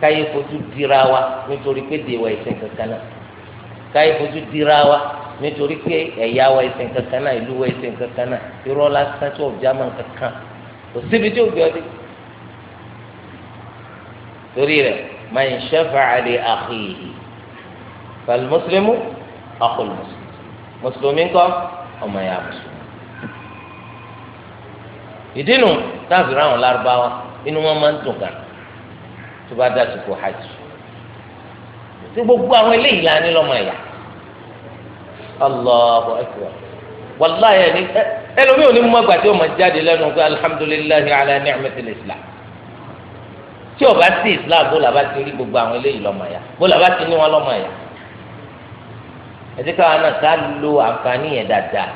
káyé fojú dira wa nítorí pé dèwà ìsìn kankan náà káyé fojú dira wa nítorí pé ẹ̀yà wa ìsìn kankan náà ìlú wa ìsìn kankan náà irọ́ lásán tó ọ̀bí àmọ́ kankan kò síbi tí ò gbé ọdí. torí rẹ̀ man shafa'a li akhihi fal muslimu akhul muslim mùsùlùmí ńkọ́ ọmọ ya mùsùlùmí. ìdí nu táàbì ráhùn lárúbáwá inú wọn máa ń dùn gan tó bá dá sùkú hajj tí gbogbo àwọn eléyìí la ní lọ́mọ ẹ̀yà Allahu akbar wàláyé ni ẹlòmíì ò ní mú ọgbà tí ó máa jáde lẹ́nu pé alhamdulillahi ala ni'matil islam tí ó bá sí islam bó la bá ti rí gbogbo àwọn eléyìí lọ́mọ ẹ̀yà bó la bá ti ní wọn lọ́mọ ẹ̀yà ẹtí káwa náà ká lo àǹfààní yẹn dáadáa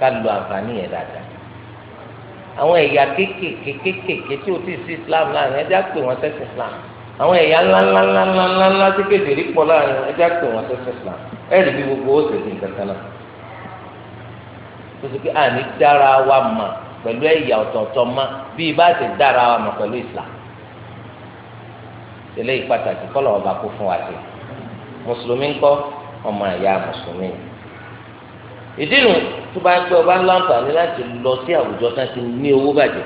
ká lo àǹfààní yẹn dáadáa àwọn ẹ̀yà kéékèèké kéékèèké tí o ti sí islam láàrin ẹjẹ́ àpè wọn sẹ́sìn islam àwọn ẹ̀yà ńláńláńláńláńlá tí kékeré pọ̀ láàrin ẹjẹ́ àpè wọn sẹ́sìn islam ẹ̀rì bí gbogbo ó sì di nǹkan kan náà pẹ̀lú ẹ̀yà ọ̀tọ̀ọ̀tọ̀ mà bí ibà ti dára wa mà pẹ̀lú islam tẹ̀lé ìpàtàkì kọ́lọ̀ ọba kó fún wa sí mùsùlùmí ńkọ́ ọmọ ẹ̀yà mùsùlùmí ìdí nu tó bá gbé ọba láǹfààní láti lọ sí àwùjọ tí wọ́n ti ní owó bàjẹ́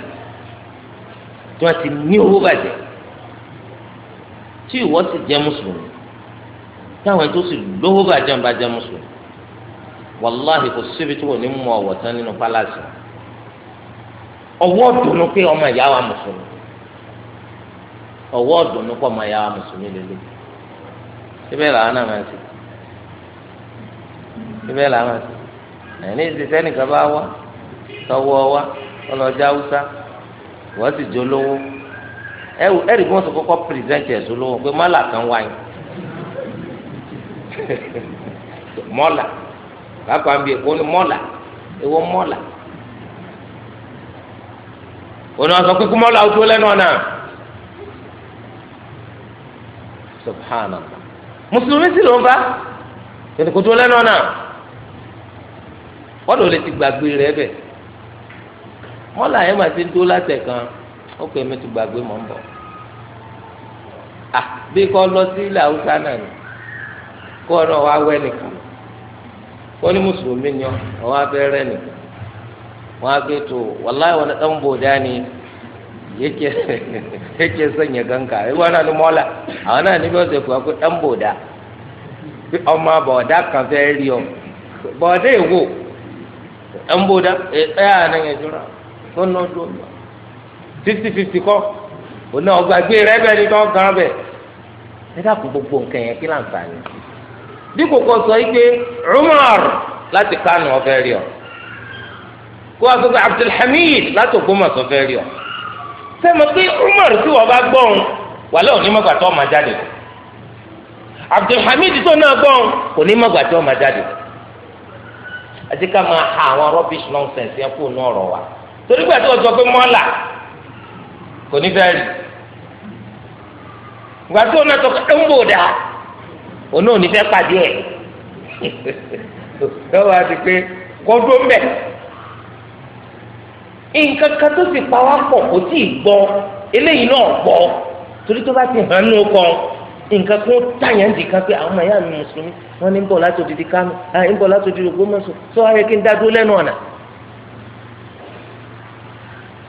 tí wọ́n ti ní owó bàjẹ́ tí ìwọ sì jẹ́ mùsùlùmí táwọn tó sì lówó bàjẹ́ ń bá jẹ́ mùsùlùmí wàláhì kò síbi tí wọ́n ní mú ọwọ́ tán nínú pálásì ọwọ́ dùnú pé ọmọ ìyá wa mùsùlùmí ọwọ́ dùnú pé ọmọ ìyá wa mùsùlùmí lélẹ̀ síbẹ̀ làwọn náà máa ń sè síbẹ̀ làwọn ẹni ìsìsẹ́ nìkan bá wá tọwọ́ wá ọlọ́jà haúsá wọ́n sì jó lówó ẹ̀rù ẹ̀rì bí wọ́n sọ kọ́kọ́ pírẹsẹ̀ntì ẹ̀sùn lówó pé mọ́là kan wá yín mọ́là bàbá èkó ni sọ pé kú ojú ọ̀nà subhanallah sì ló ń kọ́dọ̀ ó lè ti gbàgbé rẹ bẹ̀ mọ́là yẹn máa ti tó látẹ̀ kan ó pè mí ti gbàgbé mọ́ ń bọ̀ bí kò lọ sí ilẹ̀ haúsá náà ni kó ọ náà wá wẹ́ ní mùsùlùmí ni ọ wá fẹ́ nìkan wọ́n á gbé tó wàláyé wọn náà ń bò dání yake yake sanya náà ni àwọn náà níbi ọ̀sẹ̀ ẹ̀ ń bò dá ọmọ kan fẹ́ rí an bo da ẹ e, tsaya e, nan ya e do fifty fifty kọ òun náà gbàgbé rẹ bẹ ni tó gan bẹ ẹ dàkú gbogbo nǹkan yẹn kí láǹfààní dípò kọ sọ yìí pé Umar láti Kánò ọfẹ rí ọ kó wàá sọ pé Abdulhamid láti Ògbómọ̀ṣọ́ ọfẹ rí ọ pé Umar tí wọn bá gbọ́n wàlẹ òní mọgbà tó ọmọ jáde Abdulhamid tó náà gbọ́n òní mọgbà tó ọmọ jáde. àti ká máa ha àwọn rubbish nonsense yẹn kó ọ̀rọ̀ wa torí pé àti ọ̀sọ́ pé mọ́là kò ní fẹ́ rí ìgbà tó náà sọ ẹ ń bò dá òun ò ní fẹ́ pàdé ẹ̀ pé kọ́dún mẹ́ nǹkan kan tó sì pa wá pọ̀ kò tí ì gbọ́ torí tó bá ti nǹkan kan táyà di kan pé àwọn ọmọ ìyá mi mùsùlùmí wọn ní bọ̀ láti òdìdí kánú ń bọ̀ láti òdìdí Ògbómọ̀ṣọ́ sọ ayé kí n dá lẹ́nu ọ̀nà.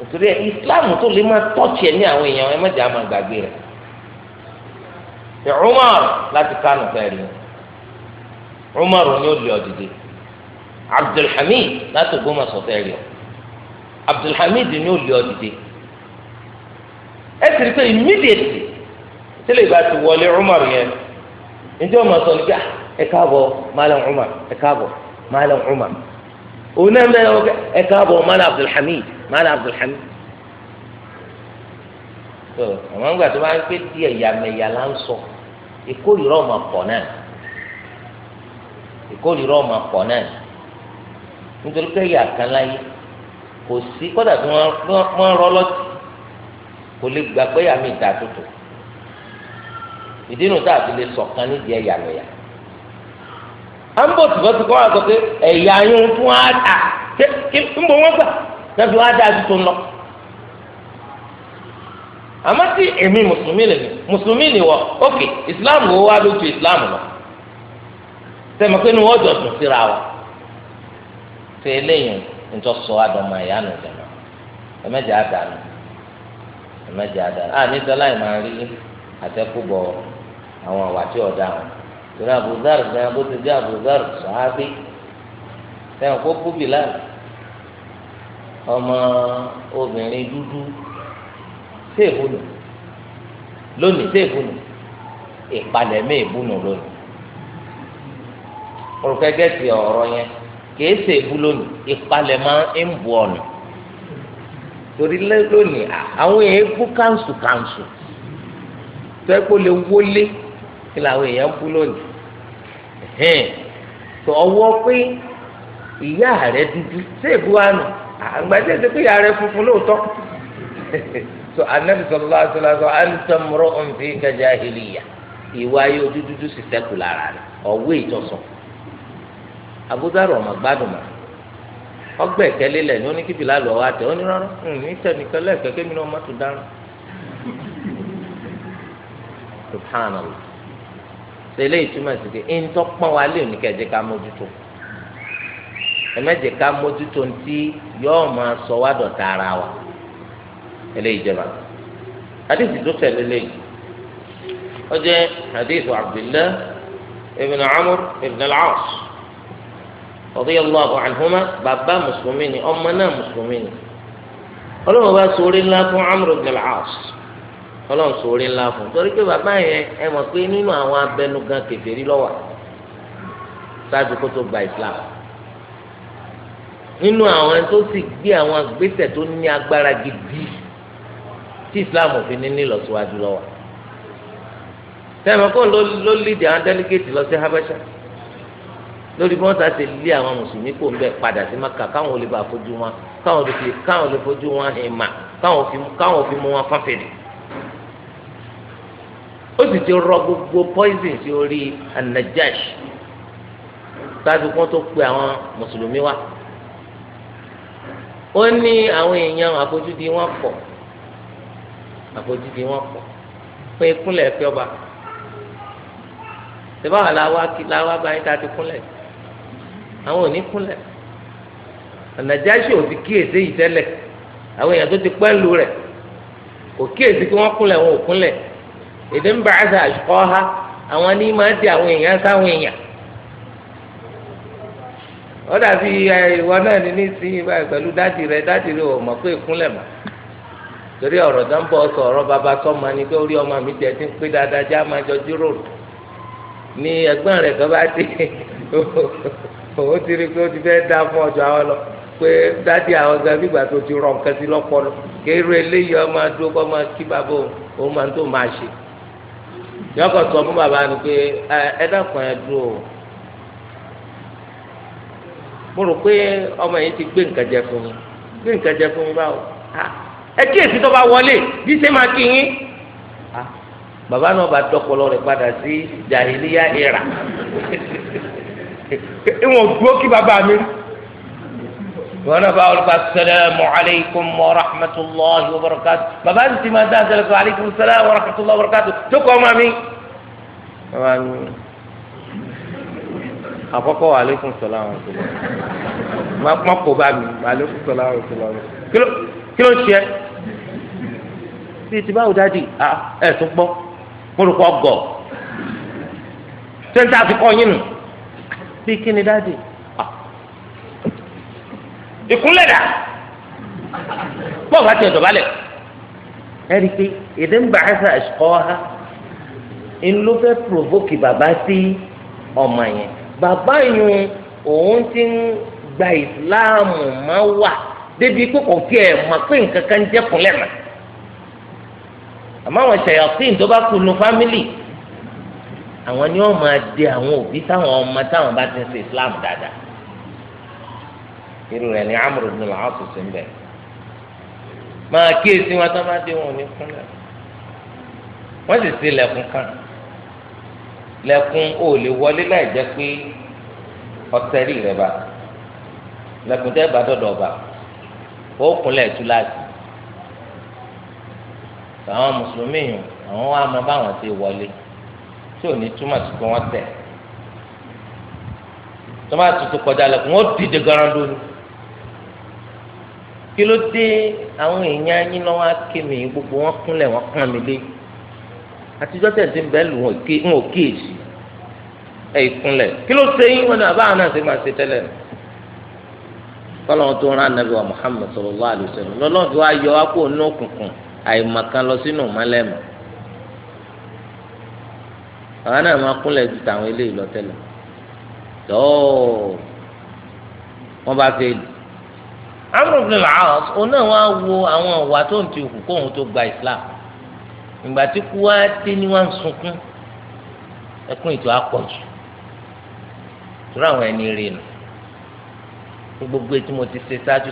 òtúrú ìsìláàmù tó lè máa ẹ̀ ní àwọn èèyàn ẹ gbàgbé rẹ̀. Umar láti kánú Umar ni ó lè ọ̀dìdí Abdulhamid láti Ògbómọ̀ṣọ́ fẹ́ẹ́rì Abdulhamid ni ó lè ọ̀dìdí ẹ tílé ìgbà ti wọlé Umar yẹn njẹ́ ọmọ sọ nígbà ah, ẹ káàbọ̀ Malam Umar ẹ káàbọ̀ Malam Umar òun náà bẹ́ẹ̀ ọkẹ ẹ káàbọ̀ Malam Abdulhamid Malam Abdulhamid tó àwọn ìgbà tó bá ń pè díẹ̀ yàmẹ̀yà là ń sọ ìkórìíra ọmọ pọ̀ náà ìkórìíra ọmọ pọ̀ náà nítorí pé ìyá kan láyé kò sí kódà tí wọ́n rọ́ lọ́tì kò lè gbà àmì ìdá tuntun. ìdínú tá a ti lè sọ̀kan nídìí ẹ̀yà lọ́yà a ń bọ̀ tìbọ̀tì kọ́ sọ pé ẹ̀yà yín fún wa kí bọ̀ wọ́n gbà lọ́sí wa dà tó ń lọ. àmọ́ tí èmi mùsùlùmí lè mi mùsùlùmí lè wọ ókè islam wo wá lójú islam lọ sẹ́mi pé ní wọ́n jọ sùn síra wa eléyìí sọ ẹ̀yà nù jẹ̀mọ́ ẹ̀mẹ́jẹ̀ àdánù ẹ̀mẹ́jẹ̀ àdánù à àwọn àwà tí ọ̀dà wọn ìrìn abudar gan bó ti dé abudar sàábì sẹ́wọ̀n kó kú bilal ọmọ obìnrin dúdú séèfù nù lónìí séèfù nù ìpalẹ̀ méèbù nù lónìí olùkẹ́gẹ́sì ọ̀rọ̀ yẹn kìí séèfù lónìí ìpalẹ̀ máa ń bu ọ̀nà torí lónìí àwọn èèyàn kú kanṣu kanṣu tẹ́kọ̀ lè wọlé. kí làwọn èèyàn kú lónìí tó ọwọ́ pé ìyá rẹ dúdú séèbù àná àgbàdo ẹsẹ pé ìyá rẹ funfun lóòótọ́ tó anabi sọlá sọlá sọ àǹtọmọrọ ọmọfin ìwà ayé ojú dúdú sì ṣẹ́kù lára rẹ ọwọ́ ìtọsọ abudulayi ọmọ gbádùn mọ ọgbẹ ìkẹlẹ lẹ ní oníkìbìlà lọ wa tẹ onírọrọ ní tẹnìkan lẹkẹkẹ mi ní ọmọ dáná tẹ́lẹ̀ ìtumọ̀ sí pé ń tọ́ pọ́n wa lé oníkẹ́jẹ́ mójútó ẹ̀mẹ́jẹ̀ mójútó ara wa tẹ́lẹ̀ ìjẹba hadithi tó tẹ̀lé lẹ́yìn ó jẹ́ hadith abdullah ibn amr ibn al-aas radiyallahu alhuma baba mùsùlùmí ni ọmọ náà ni ọlọ́run sórí ńlá fún torí pé bàbá yẹn ẹ mọ̀ pé nínú àwọn abẹnugan kèfèrí lọ́wọ́ ṣáàjú kó tó gba islam nínú àwọn tó sì gbé àwọn agbésẹ̀ tó ní agbára gidi tí islam fi ní nílọsíwájú lọ́wọ́ tẹ́lẹ̀ kó ló lédè àwọn délégéètì lọ sí habẹ́sà lórí bí wọ́n ta ṣe lé àwọn mùsùlùmí kò ń bẹ̀ padà sí maka káwọn ò lè bá fojú wọn káwọn ò lè fojú wọn hìn mà káwọn ò mú wọn fáfẹ́lẹ̀ ó sì ti rọ gbogbo poison sí orí anajash ṣáájú kí wọ́n tó pe àwọn mùsùlùmí wá ó ní àwọn èèyàn àfojúdi wọn pọ̀ àfojúdi wọn pọ̀ pé kúnlẹ̀ fi ọba tẹ́báwá làwa báyìí tá a ti kúnlẹ̀ àwọn ò ní kúnlẹ̀ ànàjáṣe ò ti kíyèsí yìí tẹ́lẹ̀ àwọn èèyàn tó ti pẹ́ lu rẹ̀ kò kíyèsí kí wọ́n kúnlẹ̀ wọn ò kúnlẹ̀ èdè ń bàásà àṣùkọ́ ha àwọn ní máa di àwọn èèyàn sáwọn èèyàn ó dàbí ìwọ náà ní pẹ̀lú dáàdì rẹ dáàdì rẹ ò mọ̀ pé ìkúnlẹ̀ torí ọ̀rọ̀ tó sọ ọ̀rọ̀ bàbá sọ́mọ ni pé orí ọmọ mi ti ń pé dáadáa já máa jọ jíròrò ni ẹ̀gbọ́n rẹ̀ bá òun ti rí pé ó ti fẹ́ dá fún ọjọ́ àwọn yọkọ sọ fún bàbá ni pé ẹ dákun ẹ dúró mo rò pé ọmọ yìí ti gbé nǹkan jẹ fún mi gbé nǹkan jẹ fún mi báwo ẹ kíyèsí tó bá wọlé bí ṣe máa kí yín bàbá náà bá dọpọlọ rẹ padà sí jàhìlíyà ìrà ìwọ̀n gbó kí bàbá mi rí wọn náà bá olùkọ́ assalamu alaykum wa rahmatulahi wa barakatu bàbá ń tì máa dá àṣẹ lọ́sọ̀ alaykum salaam wa rahmatulahi wa barakatu tó kọ́ ọmọ mi. bàbá mi àkọ́kọ́ wa alaykum salaam wa rahmatulahi má kó bá mi alaykum salaam wa rahmatulahi kí ló ń ṣe ti báwo dáàdi ẹ ah, tún eh, gbọ́ mo rò pọ̀ gọ̀ ṣé n ta fi kọ́ yín nù ìkúnlẹ̀ dà bọ́ọ̀ bá tiẹ̀ dọ̀bálẹ̀ ẹ̀rí pé èdè ń bá ha ń ló fẹ́ provoke bàbá sí ọmọ yẹn bàbá yẹn òun ti ń gba ìsìláàmù máa wà débi pé kí ẹ̀ mọ̀ pé nǹkan kan jẹ́ kúnlẹ̀ mọ́ àmọ́ àwọn tó bá kunu fámìlì àwọn ni wọ́n máa de àwọn òbí táwọn ọmọ táwọn bá ti ń Islam dáadáa. irú rẹ̀ ní amúrò ní làwọn àtúnṣe ń bẹ máa kíyèsí wọn tó bá dé wọn ní kúnlẹ̀ wọn sì sí lẹ̀kùn kan lẹ̀kùn ò lè wọlé láì jẹ́ pé ọtẹrí rẹ bá lẹ̀kùn tẹ bá dọdọ bá ó kúnlẹ̀ túláàsì àwọn mùsùlùmí yìí àwọn wa máa báwọn ti wọlé tí ò ní túmọ̀ sí pé wọ́n tẹ̀ tó bá tuntun kọjá lẹ̀kùn ó dìde garandó ni kí ló dé àwọn èèyàn yín lọ́wọ́ akémi gbogbo wọn kúnlẹ̀ wọn kàn mí lé àtijọ́ tẹ̀sí bẹ́ẹ̀ lù wọn ò kéèsì ẹ̀ ìkúnlẹ̀ kí ló ṣe yín wọn ni àbá àná ṣe máa ṣe tẹ́lẹ̀ nù kọ́lọ́n tó rán anabi wa Muhammad sallallahu alayhi wa sallam lọ́lọ́run tó wá yọ wá kó nínú òkùnkùn àìmọ̀kan lọ sínú mọ́lẹ́mọ̀ àwọn náà máa kúnlẹ̀ ju tàwọn eléyìí lọ tẹ́lẹ̀ tọ́ọ̀ wọ́n bá fẹ́ lù amúrò bin al-aas òun náà wá wo àwọn ìwà tó ń ti hù tó gba islam ìgbà tí kú wá dé ní wá ń sunkún ẹkún ìtò àpọ̀jù ra àwọn ẹni rí nu gbogbo etí mo ti ṣe ṣáájú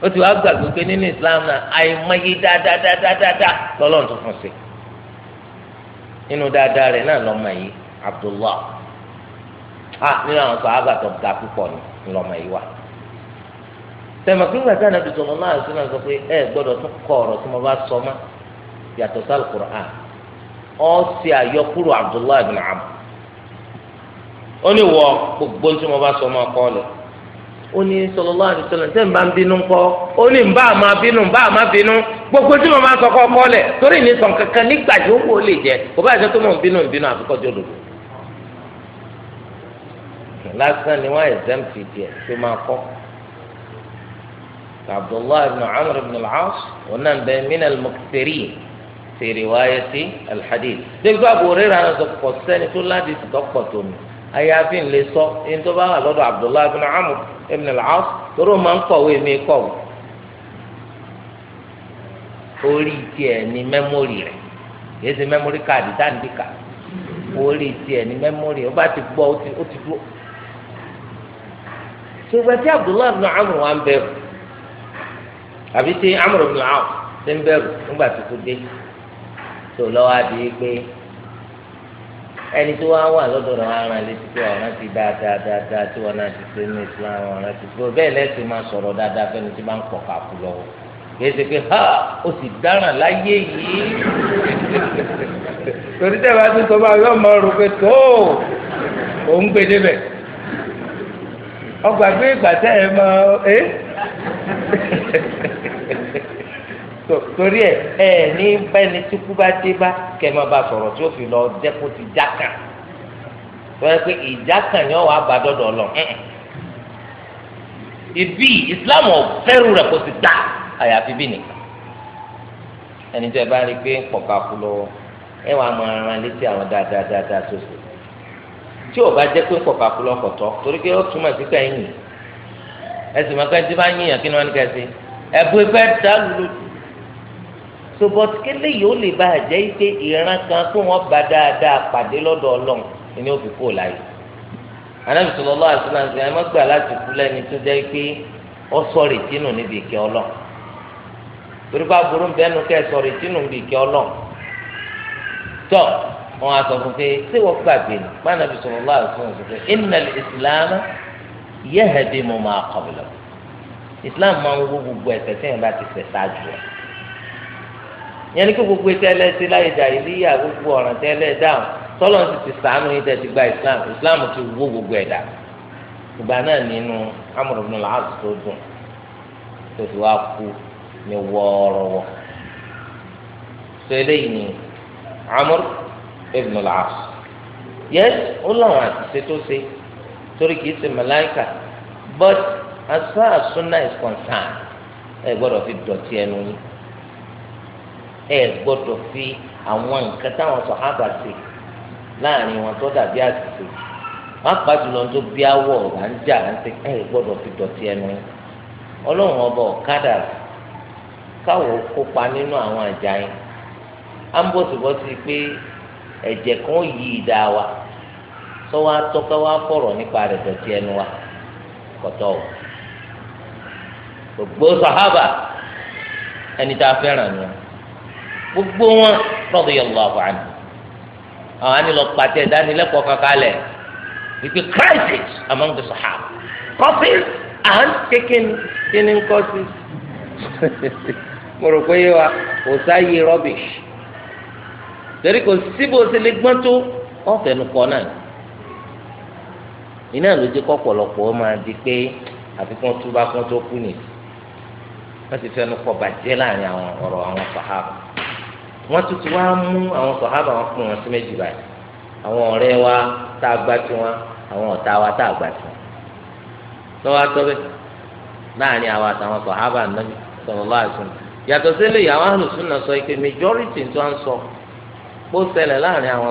wò ti wá gbàgbé pé islam náà àìmọye dáadáadáadáa lọ́lọ́run tó fún sí nínú dáadáa rẹ̀ náà lọ́mọ yìí abdullah ah nínú àwọn sọ àgbàtọ̀ ga púpọ̀ ni lọ́mọ tẹmọ kí nígbà tí náà sí náà sọ pé ẹ gbọ́dọ̀ tún kọ ọ̀rọ̀ tí mo bá sọ mọ́ yàtọ̀ sálù Qur'an ọ ṣe àyọkúrò Abdullahi bin Amr ó ní wọ gbogbo tí mo bá sọ kọ lẹ ó ní sọlọ ń bínú ó ní bínú bínú gbogbo tí mo bá sọ kọ́ kọ́ lẹ̀ torí ní sàn kankan nígbà tí ó kú ó lè jẹ kò bá jẹ́ pé ń bínú ń bínú tí ó dòdò lásán ni عبد الله بن عمرو بن العاص ونن من المكثرين في رواية الحديث دقوا بقى هريرة أنا سقط سنة كل هذه سقطتهم أيافين لسو إنتوا بقى لدو عبد الله بن عمرو بن العاص تروا من قوي مي قوي orí tiẹ̀ ní mẹ́mórì rẹ̀ yéé ṣe mẹ́mórì káàdì dáńdì ká orí tiẹ̀ ní mẹ́mórì rẹ̀ ó bá ti gbọ́ ó ti àbí tí amúrò bìlà áwò ṣe ń bẹ̀rù nígbà tó kú dé tó lọ́wọ́ àbí pé ẹni tó wá wà lọ́dọ̀ náà ara létí pé ọ̀ràn ti dáadáa dáadáa tí wọn náà ti ṣe ní Islam ọ̀ràn ti gbó bẹ́ẹ̀ lẹ́sìn máa sọ̀rọ̀ dáadáa fẹ́ni tí bá ń pọ̀ kàkú lọ́wọ́ kì í ṣe pé ha ó sì dáràn láyé yìí torí tẹ́lá tó tó bá yọ ọmọ rò pé tó òun gbé débẹ̀ ọgbà gbé ìgbà tẹ́ ẹ mọ ẹ́. tó torí ẹ ẹ ní bẹni tí kú bá dé bá kẹ sọ̀rọ̀ tí ó fi lọ jẹ kó ti já kàn ìjà kàn ibi islam ọfẹrù rẹ̀ kò sì gbà àyàfi bí nìkan ẹni tí ẹ bá rí i pé pọkàkú lọ ẹ máa ran létí àwọn dáadáa tó ṣe tí ò bá pé torí pé ó sobọt kele yìí ó lè a jẹ́ ike ìran kan tó wọ́n bá dáadáa pàdé lọ́dọ̀ ọlọ́run ni fi kó anabi sọlọ lọ àti náà ẹ má láti kú tó ike ọ sọ̀rọ̀ ìtinú níbi ìkẹ́ ọlọ́run torí bá burú bẹ́ẹ̀nu kẹ́ ẹ ìtinú níbi ìkẹ́ ọlọ́run tọ́ wọn á fún pé ṣé islam ma qablahu máa yẹn ni kí gbogbo tẹ́lẹ̀ sí láyé dà ìlíyà gbogbo ọ̀ràn tẹ́lẹ̀ dáhùn tọ́lọ̀ sì ti sàánú yìí tẹ́ ti gba islam islam ti wó gbogbo ẹ̀dá ìgbà náà nínú Amr ibn al-As tó dùn tó ti wá kú ní wọ́ọ́rọ́wọ́ tó eléyìí ni Amr ibn yẹ ó láwọn àtìsé tó ṣe torí kìí ṣe màláíkà but as far as sunnah is concerned ẹ gbọ́dọ̀ fi dọ̀tí ẹnu yìí. ẹ gbọdọ fi àwọn nǹkan táwọn sọ̀hábà ṣe láàrin wọn tó dàbí àṣìṣe wọn pa tó bí awọ ọ̀gá ń jà ń ẹ ọba ọ̀kadà kawo kópa nínú àwọn àjà yẹn à ń pé ẹ̀jẹ̀ kan yí ìdá wa wa fọ̀rọ̀ nípa rẹ̀ dọ̀tí ẹnu wa o gbogbo ẹni tá a fẹ́ràn ni gbogbo wọn radiyallahu anhu àwọn àni lọ pàtẹ ìdánilẹ́kọ̀ọ́ kankanlẹ̀ wípé crisis among the sahaba courses and taking training courses mo rò pé wa kò sáyé rubbish torí kò síbò sí lè gbọ́n tó ọ̀fẹ́nu kọ náà iná ló jẹ́ kọ́pọ̀lọpọ̀ máa di pé àfikún túbá kún tó kú nìyí wọ́n ti fẹ́nu kọ bàjẹ́ láàrin àwọn ọ̀rọ̀ àwọn sahaba. wọ́n tún ti wá mú àwọn sọ̀hábà wọn fún wọn sí méjì báyìí àwọn wa tá a gbá tiwọn àwọn wa tá a gbá wọn lọ́wọ́ atọ́bẹ̀ láàrin àwọn àtàwọn sọ̀hábà nàbì sallallahu alaihi na yàtọ̀ sílẹ̀ ìyàwó àlùsùn náà sọ pé majority tó ń sọ kó láàrin àwọn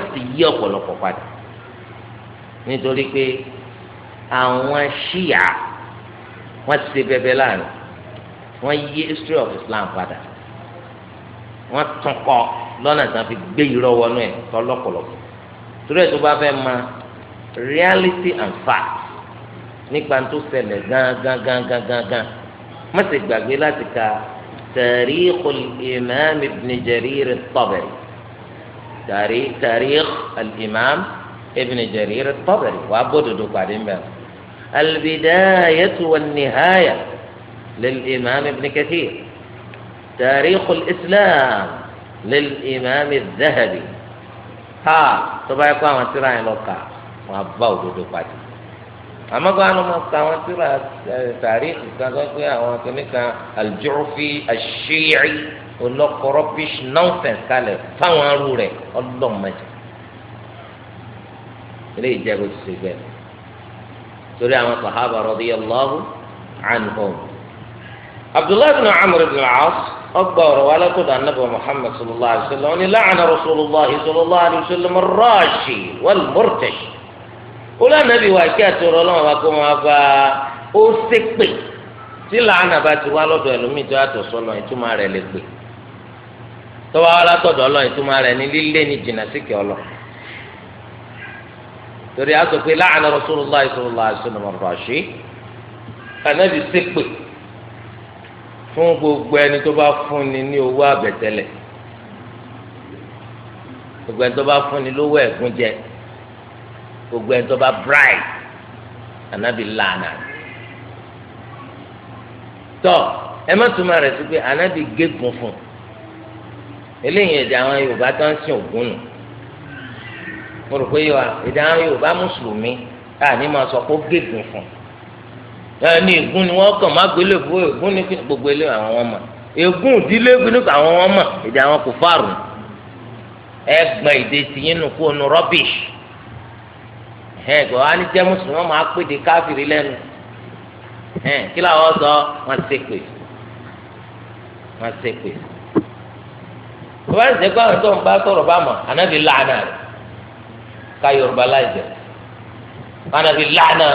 ó ti wọnú nítorí pé àwọn ṣíyà wọ́n ti ṣe bẹbẹ láàrin wọ́n yí history of Islam padà wọ́n tún kọ lọ́nà tí wọ́n fi gbé irọ́ wọnú ẹ̀ tọ́ lọ́pọ̀lọpọ̀ torí ẹ̀ tó bá fẹ́ mọ̀ reality and fact nípa tó ṣẹlẹ̀ gángan má ṣe gbàgbé láti ka tarikhul imam ibn Jarir at-Tabari tarikh al-imam. ابن جرير الطبري وعبده بعدين بقى البداية والنهاية للإمام ابن كثير تاريخ الإسلام للإمام الذهبي ها طبعا يكون عن سيرة لوكا وعبده بعدين àmọ́ bá wọn máa ka àwọn tíra tàríkì kan tó ń pè àwọn kìnnìkan aljufi aṣíyí olóko nonsense kalẹ̀ fáwọn rẹ̀ ọlọ́mọdé eléyìí jẹ́ kó ti ṣe bẹ́ẹ̀ torí àwọn sàhábà radiyallahu anhum. abdullahi bin amr bin al-as ọgbà ọ̀rọ̀ wa látọ̀dọ̀ anabi muhammad sallallahu alayhi wa sallam wọn ni la'ana rasulillah sallallahu alayhi wa sallam ar-rashi wal murtashi. olú anabi wa kí àtúrọ̀ ọlọ́run wa kó máa bá ó ṣépè tí làánà bá ti wá lọ́dọ̀ ẹlòmíì tó yàtọ̀ sọ́nà ìtumọ̀ rẹ̀ lè pè tọ́wọ́ alátọ̀dọ̀ ọlọ́run ìtumọ̀ rẹ̀ ní lílé ní jìnnà síkẹ́ ọlọ́run torí a sọ pé láàánú rasulillah sallallahu alaihi wasallam rashid anabi ṣépè fún gbogbo ẹni tó bá fún ni ní owó àbẹ̀tẹ́lẹ̀ gbogbo ẹni tó bá fún ni lówó ẹ̀gún jẹ gbogbo ẹni tó bá bright anabi lànà tọ ẹ má túmọ̀ rẹ̀ sí pé anabi gégùn fún eléyìí ẹ̀dẹ̀ àwọn yorùbá tó ń sin ògún nù mo rò pé yọ èdè àwọn yorùbá mùsùlùmí tá a ní máa sọ pé ó gègùn fún ẹni ègún ni wọn kàn má gbélé fún ègún ní gbogbo ilé àwọn wọn mọ ègún ìdílé ní àwọn wọn mọ èdè àwọn kò fárùn ẹgbọn èdè tìyín nù kó nu rọbìṣì ẹn gbọ wá ní jẹ mùsùlùmí wọn máa pè dé káfìrí lẹ́nu ẹn kí làwọn sọ wọn ṣe pè wọn ṣe pè wọn ṣe pé àwọn tó ń bá sọ̀rọ̀ bá mọ ànábì ká yorùbá láì jẹ wọn fi lánà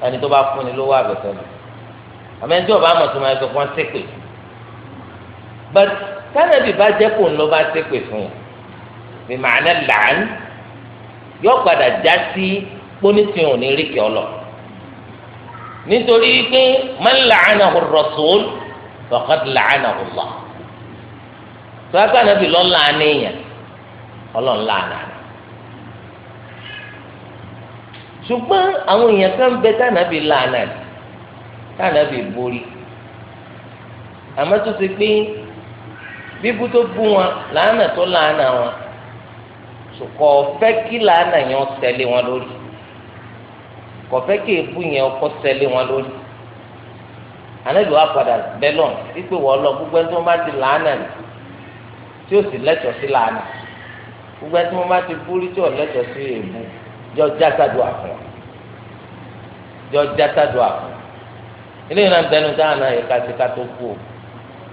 ẹni tó bá fún ni ló wà bẹsẹ lọ àmẹjọ bá mọ tó máa sọ fún ṣépè but kánàbì bá jẹ kó ń lọ bá ṣépè fún yẹn bí màánà làn yọ padà já sí pónítì òní rí kí ọ lọ nítorí pé man la'anahu ar-rasul faqad la'anahu Allah tọ́ka nàbì lọ́la àníyàn ọlọ́ọ̀la àná ṣùgbọ́n àwọn èèyàn kan ń bẹ tànàbí lànà tànàbí borí àmọ́ tó ti pín bíbú tó bú wọn lànà tó lànà wọn kò fẹ́ kí lànà yẹn tẹ̀lé wọn lórí kò fẹ́ kí èébú yẹn kọ́ tẹ̀lé wọn lórí ànábì wa padà bẹ́lọ̀ wípé wọ́n lọ gbogbo ẹni tí wọ́n bá ti làánà rẹ̀ tí ó sì lẹ́tọ̀ọ́ sí làánà gbogbo ẹni tí wọ́n bá ti búrí tí ò lẹ́tọ̀ọ́ sí èébú jọ jásádù àfọ jọ jásádù àfọ eléyìí náà bẹnu dáhà náà yẹ ká ti ká tó kú o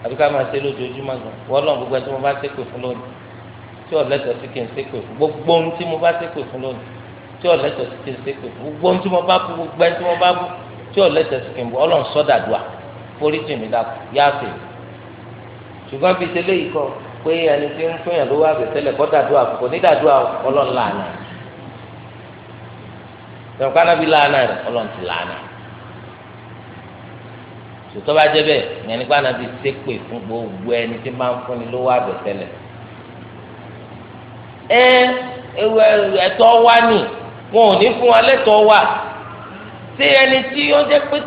àbí ká máa ṣe lójoojúmọ́ gan wọ́n lọ́n gbogbo ẹni tí mo bá ṣépè fún lónìí tí ọ̀lẹ́tọ̀ sí kí n ṣépè fún gbogbo ohun tí mo bá ṣépè fún lónìí tí ọ̀lẹ́tọ̀ sí kí n ṣépè fún gbogbo ohun tí mo bá bú gbogbo ẹni tí mo bá bú tí ọ̀lẹ́tọ̀ sí kí n bú ọlọ́run sọ́dà dùà forí jì mí dàpọ̀ yáàfẹ́ ṣùgbọ́n fi ṣe léyìí kọ pé ẹni tí ń fún yàn lówó àbẹ̀tẹ́lẹ̀ kọ́ dàdúà kò ní dàdúà ọlọ́run làánà sọ̀rọ̀ kánábì lánàá rẹ̀ ọlọ́run ti lánàá sòtọ́ bá jẹ́ bẹ́ẹ̀ ìyẹn nípa ànábì ṣépè fún gbogbo ẹni tí máa ń fúnni lówó àbẹ̀tẹ́lẹ̀ ẹ ewé ẹ̀tọ́ wa ni wọn ò ní fún wa lẹ́tọ̀ọ́ wa ṣé ẹni tí ó jẹ́ pé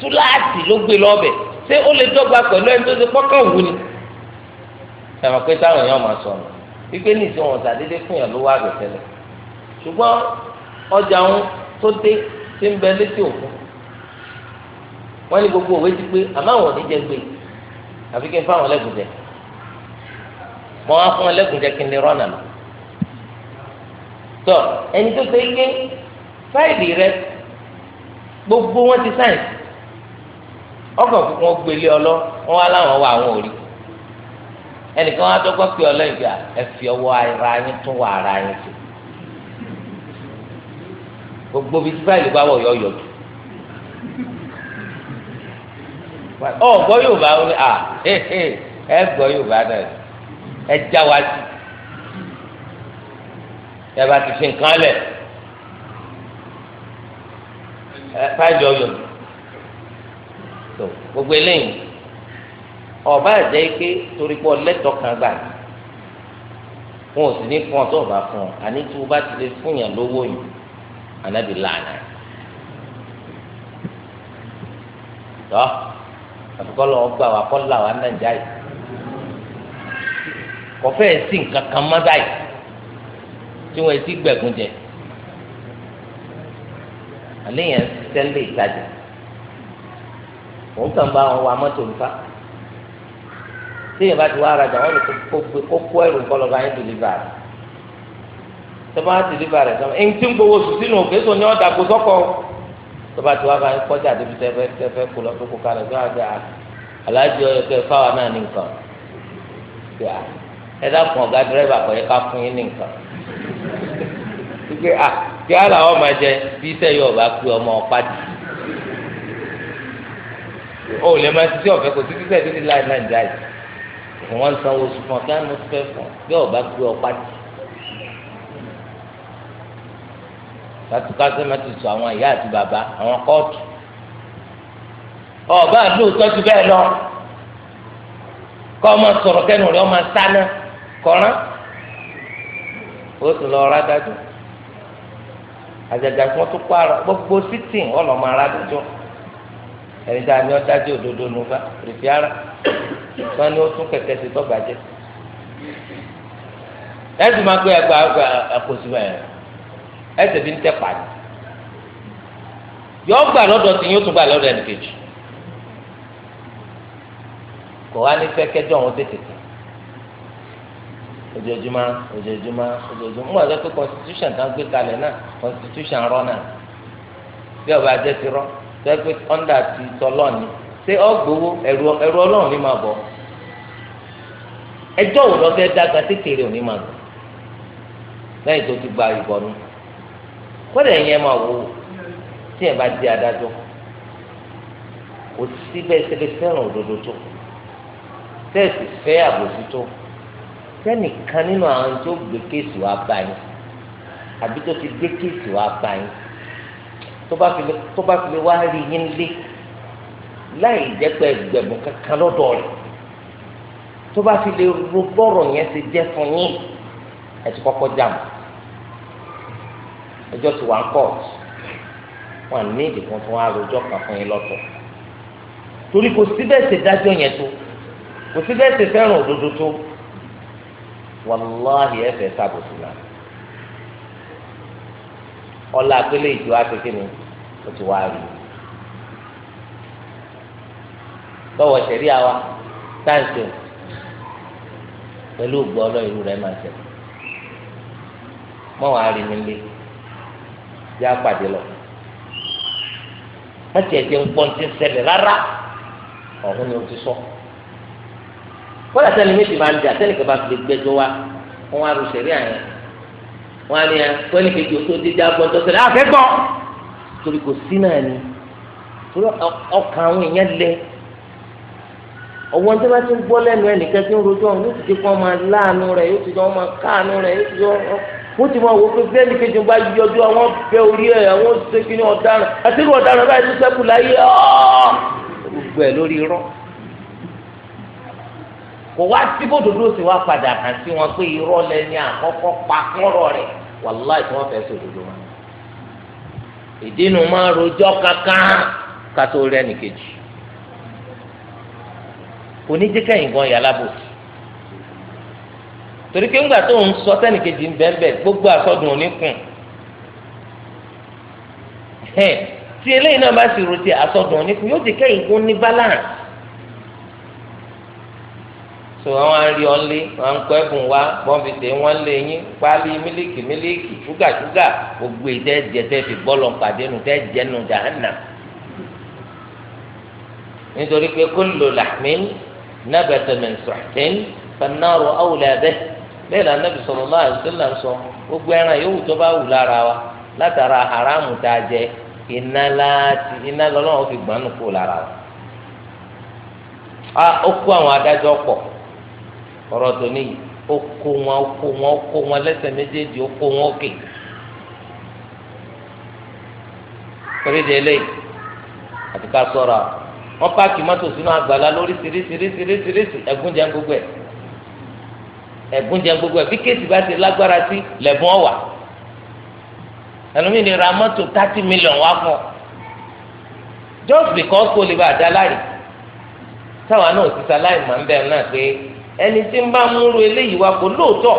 túláàsì ló gbé lọ́bẹ̀ ṣé ó lè dọ́gba pẹ̀lú ẹni tó ṣe pọ́kàn wù ni ẹ̀rọ pé táwọn èèyàn máa sọ̀rọ̀ wípé nìṣẹ́ wọn ṣàdédé fún yàn lówó àbẹ̀tẹ́lẹ̀ ṣùgbọ́n ọjà ń tó dé tí ń bẹ létí òkun ní gbogbo òwe ti pé àmọ́ àwọn òní jẹ gbé àfi kí n fáwọn mọ wá fún kí tọ ẹni tó ṣe rẹ gbogbo wọn ti sáyìn ọkàn fún wọn gbélé ọlọ wọn wá láwọn wà àwọn òrí ẹnìkan wá dọ́gbọ́n pé ọlọ́yìn bíi ẹ fi ara yín tún ara gbogbo bíi fáìlì bá wọ̀ yọ̀ọ̀yọ̀ jù ọ gbọ́ yorùbá ó ní à ẹ gbọ́ yorùbá náà ẹ já wa sí ẹ bá ti fi nǹkan lẹ̀ fáìlì ọ̀yọ̀ jù tó gbogbo eléyìí ọba àjẹ́ ike torí pé ọlẹ́tọ̀ kan gbà wọn ò sì ní fún ọ tó ọba fún ọ àní tí wọn bá ti lè fún yàn lówó yìí anabi lànà tọ́ àfikọ́lọ́ ọgbà wa kọ́ là wà nàìjà yìí kọfẹ́ sí nǹkan kan mọ́ tí wọ́n ti gbẹ̀gùn jẹ àlẹ́ yẹn tẹ́lẹ̀ ìtajà òun kàn bá wọn wa mọ́tò nípa tí yẹn bá ti wá arajà wọn lè kó ẹrù kọ́ lọ́ba yẹn dùn nípa rẹ̀ tọ́ba á ti dìbà rẹ̀ sọ́mọ ẹni tí ń gbowó sùn sínú òkè tó ní ọ̀dà kó sọ́kọ tọ́ba tí wàá bá ń kọjá débi tẹ́fẹ́ tẹ́fẹ́ kó lọ fún kókó alẹ́ tó àgbà aláàjì ọyọ kẹ fáwa náà ní nǹkan ẹ dákun ọ̀gá dírẹ́bà kọ̀ yẹ ká fún yín ní nǹkan wípé à kí á làwọn máa jẹ bí iṣẹ́ yóò bá pé ọmọ ọ̀pá jù ó lè máa ṣiṣẹ́ ọ̀fẹ́ kò sí títẹ̀ títí láì náà jáde wọ́n sanwó sùn kí á mú fẹ́ fún bí ọ̀bá pé ọ̀pá jù. kátìkásẹ́mẹ́ ti sọ àwọn ìyá àti bàbá àwọn kóòtù ọba àlóòótọ́ ti bẹ́ẹ̀ lọ kọ́ ọmọ sọ̀rọ̀ kẹ́nu rẹ̀ ọmọ sáná kọ́rán ó sì lọ ra dájú àjàgà tí wọ́n tún kọ́ ara gbogbo sítìn ọlọ́mọ ara dájú ẹni tá a ní ọdájú òdodo nufa rìfi ara wọn ni ó tún kẹ̀kẹ́ sí tọ́gbàjẹ́ ẹ̀sùn máa gbé ẹgbàá àkóso báyìí ẹsẹ̀ bí ń tẹ̀ pàdé yọ gbà lọ́dọ̀ tí yóò tún gbà lọ́dọ̀ ẹnì kejì kò wá ní fẹ́ kẹjọ àwọn tètè tẹ̀ ojoojúmọ́ ojoojúmọ́ ojoojúmọ́ mo àti pé constitution tán gbé kalẹ̀ náà constitution rọ náà bí ọba ajẹ́ ti rọ tẹ́ pé under ti tọ́lọ́ ni ṣé ọgbowó ẹ̀rù ọlọ́run ni máa bọ̀ ẹjọ́ òun lọ fẹ́ dá ga tètè rẹ̀ ò ní máa bọ̀ lẹ́yìn tó ti gba ìbọnú kọ́dà ẹ̀yìn ẹ̀ máa wò ó tí ẹ̀ bá di adájọ́ kò sí bẹ́ẹ̀ ṣẹlẹ̀ fẹ́ràn òdodo tó tẹ́ẹ̀sì fẹ́ àbòsí tó sẹ́nìkan nínú àwọn tó gbé kéèsì wá bá yín àbí tó ti gbé kéèsì wá bá yín tó bá fi lè wá rí yín lé láì jẹ́ pé kankan lọ́dọ̀ rẹ̀ tó bá fi lè ro bọ́rọ̀ yẹn ti jẹ́ fún yín ẹ ti kọ́kọ́ jà mọ́ ẹjọ́ ti wà ń kọ́ wọn ní ìdìbò tó wọn àròjọ kan fún yín lọ́tọ̀ torí kò sí bẹ́ẹ̀ ṣe dájọ́ yẹn tó kò sí bẹ́ẹ̀ ṣe fẹ́ràn òdodo tó wàláhì ẹ̀fẹ̀ sábòsí náà ọlá àgbélé ìjọ àtẹ̀kẹ́ ni ó ti wá rí lọ́wọ́ ṣẹ̀rí àwa táǹtì pẹ̀lú ògbọ́ ọlọ́ ìlú rẹ̀ máa ṣẹ̀rí mọ́ wàá rí mi lé yá pàdé lọ wọ́n tiẹ̀ ti ń pọ́n ti ń ṣẹlẹ̀ rárá ọ̀hún ni o ti sọ kọ́lá sẹ́ni méjì máa ń jà sẹ́ni kẹfà fi lè gbẹjọ́ wa wọ́n wá rúṣẹ̀ rí àyàn wọ́n á ní ẹ pẹ́ẹ́nì kejì o tó dé dá gbọ́n torí kò sí náà ni torí ọkàn àwọn èèyàn lẹ ọwọ́n tí wọ́n ti ń gbọ́ lẹ́nu ẹnìkan tí ń rojọ́ yóò ti di kọ́ máa láàánú rẹ̀ yóò ti di kọ́ máa káàánú rẹ̀ yóò ti di kọ́ wọ́n ti mọ àwọn pé bẹ́ẹ̀ ni kejì ń bá yọjú àwọn bẹ orí ẹ̀ àwọn ṣèkínní ọ̀daràn àti irú ọ̀daràn báyìí ló sẹ́kù láyé ọ́ gbogbo ẹ̀ lórí irọ́ kò wá sí bòdòdó sì wá padà hàn sí wọn pé irọ́ lẹni àkọ́kọ́ pa kọ́rọ̀ rẹ̀ wàláì tí wọ́n fẹ́ sòdodo wọn ìdínú máa rojọ́ kankan kátó rẹ́ nìkejì oníjẹ́kẹ́yìn gan yàrá bòsí torí pé ńgbà tó ń sọ sẹ́nìkejì ń bẹ́ẹ̀ gbogbo àsọdùn òní kùn tí eléyìí náà bá sì ro ti àsọdùn òní kùn yóò di kẹ́yìn kún ní balance so àwọn arí ọ̀nlé wọn ń kọ́ ẹ̀bùn wa wọ́n fi tẹ̀ wọ́n lé yín páálí mílíkì mílíkì ṣúgà ṣúgà gbogbo ètò ẹ̀jẹ̀ tẹ́ fi bọ́ọ̀lù pàdé nu tẹ́ jẹ́ nu jahanna nítorí pé kullu lahmin nabata min suhtin fannaru awla bihi. bẹ́ẹ̀ náà nàbì sọ̀rọ̀ náà àdìsọ́là sọ gbogbo ẹran yòówù tó bá wù lára wa látara haramu tá a jẹ iná láti iná lọ́lọ́run fi gbọ́n kó wa. ó kó àwọn adájọ́ pọ̀ ọ̀rọ̀ tó níyì ó kó wọn ó kó wọn ó kó wọn lẹ́sẹ̀ méjèèjì ó kó wọn òkè. àti ká sọ̀rọ̀ wọn mọ́tò sínú àgbàlá ẹ̀bùn gbogbo ẹ̀ bí kéèsì bá ti lágbára sí lẹ́bùn ọ̀wà ẹlòmíì ra mọ́tò thirty million wá fún ọ just because kò lè bá a dá láyè táwa náà ti sa láyè máa ń bẹ̀rù náà pé ẹni tí ń bá múru eléyìí wá kó lóòótọ́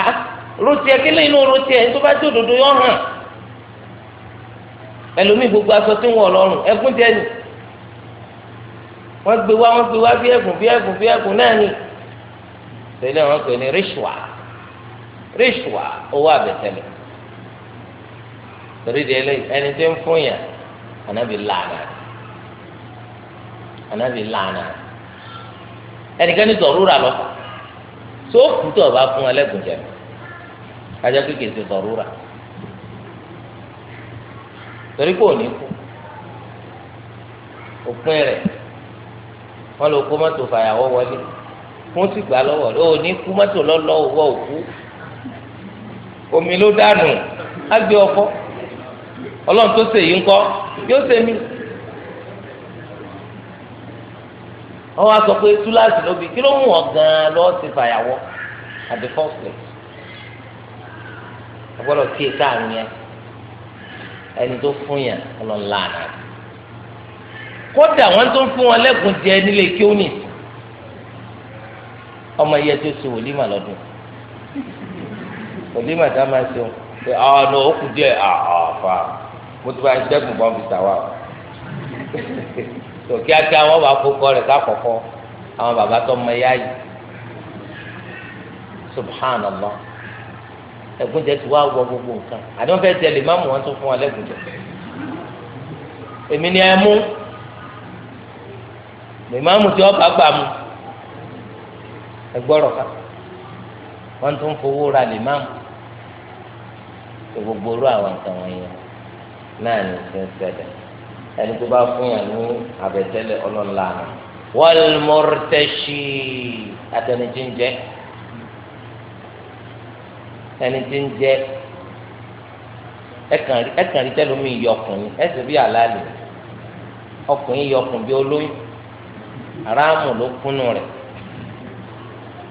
ah rotí ẹ kí lẹ́yìn náà yọ hàn ẹlòmíì gbogbo aṣọ tí ń wọ̀ wọ́n gbé wá wọ́n gbé wá bí bí bí náà tẹ́lẹ̀ wọn pè ní rishwa rishwa owó àbẹ̀tẹ́lẹ̀ torí di ẹlẹ́yìn ẹni tó ń fún yàn ànábì laana ànábì lànà ẹnìkan ní tọ̀rúra lọ tó kù tó ọba fún ẹlẹ́gùn jẹ ajá kékeré ti tọ̀rúra torí kò ní kú òpin rẹ̀ wọ́n lọ kó wọlé. wọ́n ti gbà lọ́wọ́ ò ní kú mọ́tò òwò òkú omi ló dànù á ọkọ ọlọ́run tó ṣèyí ńkọ́ yóò ṣe mí. wá sọ pé túláàsì ló kí ló mú ọ gan-an ti fàyàwọ at the first place. kí ẹ ẹni tó fún lánàá. kódà tó ń fún wọn ọmọ yẹ tó ṣe wòlímà lọ́dún wòlímà tá a máa ṣe wọn ṣe ọ̀nà òkú díẹ̀ àfa ah, ah, mo ti bá ń dẹ́kun bọ́m fi tàwa o tó kíákíá wọn bá kókọ rẹ̀ kákọ̀kọ́ àwọn bàbá tó mọ ẹyá yìí subhanallah ẹ̀gúnjẹ ti wá wọ gbogbo nǹkan àdéhùn fẹ́ẹ́ tẹ̀lé má mú wọn tó fún wọn lẹ́gùnjẹ èmi ni ẹ mú lèmọ́mù tí ọba gbà mú ẹgbọ́rọ̀ ká wọ́n tún fowó ra lè máa tó gbogbo orú àwọn nǹkan wọ̀nyí náà ní ti ń ṣẹlẹ̀ ẹni tó bá fún yàn ní àbẹ̀tẹ́lẹ̀ ọlọ́la àná wọ́lmọ́rẹ́tẹ́sì àtẹnidí ń jẹ́ ẹnidí ń jẹ́ ẹkàn rí tẹ́lómi yọkùnrin ẹsẹ̀ bí àlálẹ̀ ọkùnrin yọkùnrin bí olóyún aráàmù ló kúnnú rẹ̀.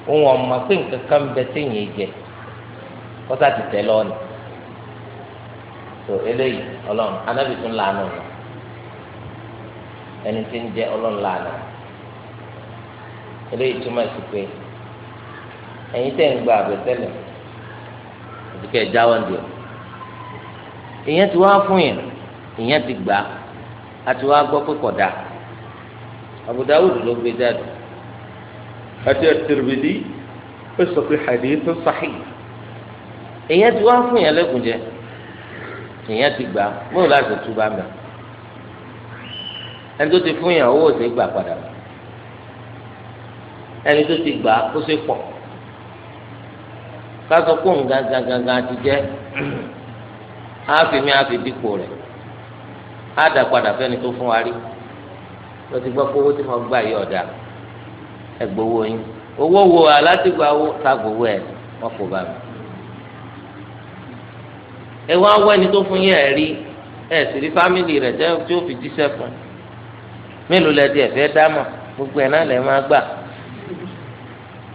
òun ọmọ pé nǹkan kan bẹ téèyàn jẹ kọ́sà ti tẹ̀ lọ́ọ̀nì tó eléyìí ọlọ́run anábì tún lànà ọ̀nà ẹni tí ń jẹ ọlọ́run lànà eléyìí túmọ̀ sí pé ẹ̀yin tẹ̀ ń gba àbẹ̀tẹ́lẹ̀ òtúkẹ́ jáwọ́ ń dìọ̀ ìyẹn ti wá fún yẹn ìyẹn ti àti Tirmidhi ó sọ pé hadith sahih èyàn ti wá fún yẹn lẹ́kùn jẹ èyàn ti gbà bóun láti tú bá mẹ ẹni tó ti fún yẹn owó òsè gbà padà ẹni tó ti gbà ó sì pọ̀ kásọ kó ń gangan gangan ti jẹ àfìmí àfi rẹ̀ á fẹ́ni tó fún wa rí lọ gbọ́ pé owó tí mo gbà yí ọ̀dà. ẹgbowó yín owó wo alátìgbà wo tagbowó ẹ wọn kò bá mi. ẹ wá wọ ẹni tó fún yín ẹ tí ó fi fún mélòó lẹ di ẹfẹ dámọ gbogbo ẹ náà lẹ máa gbà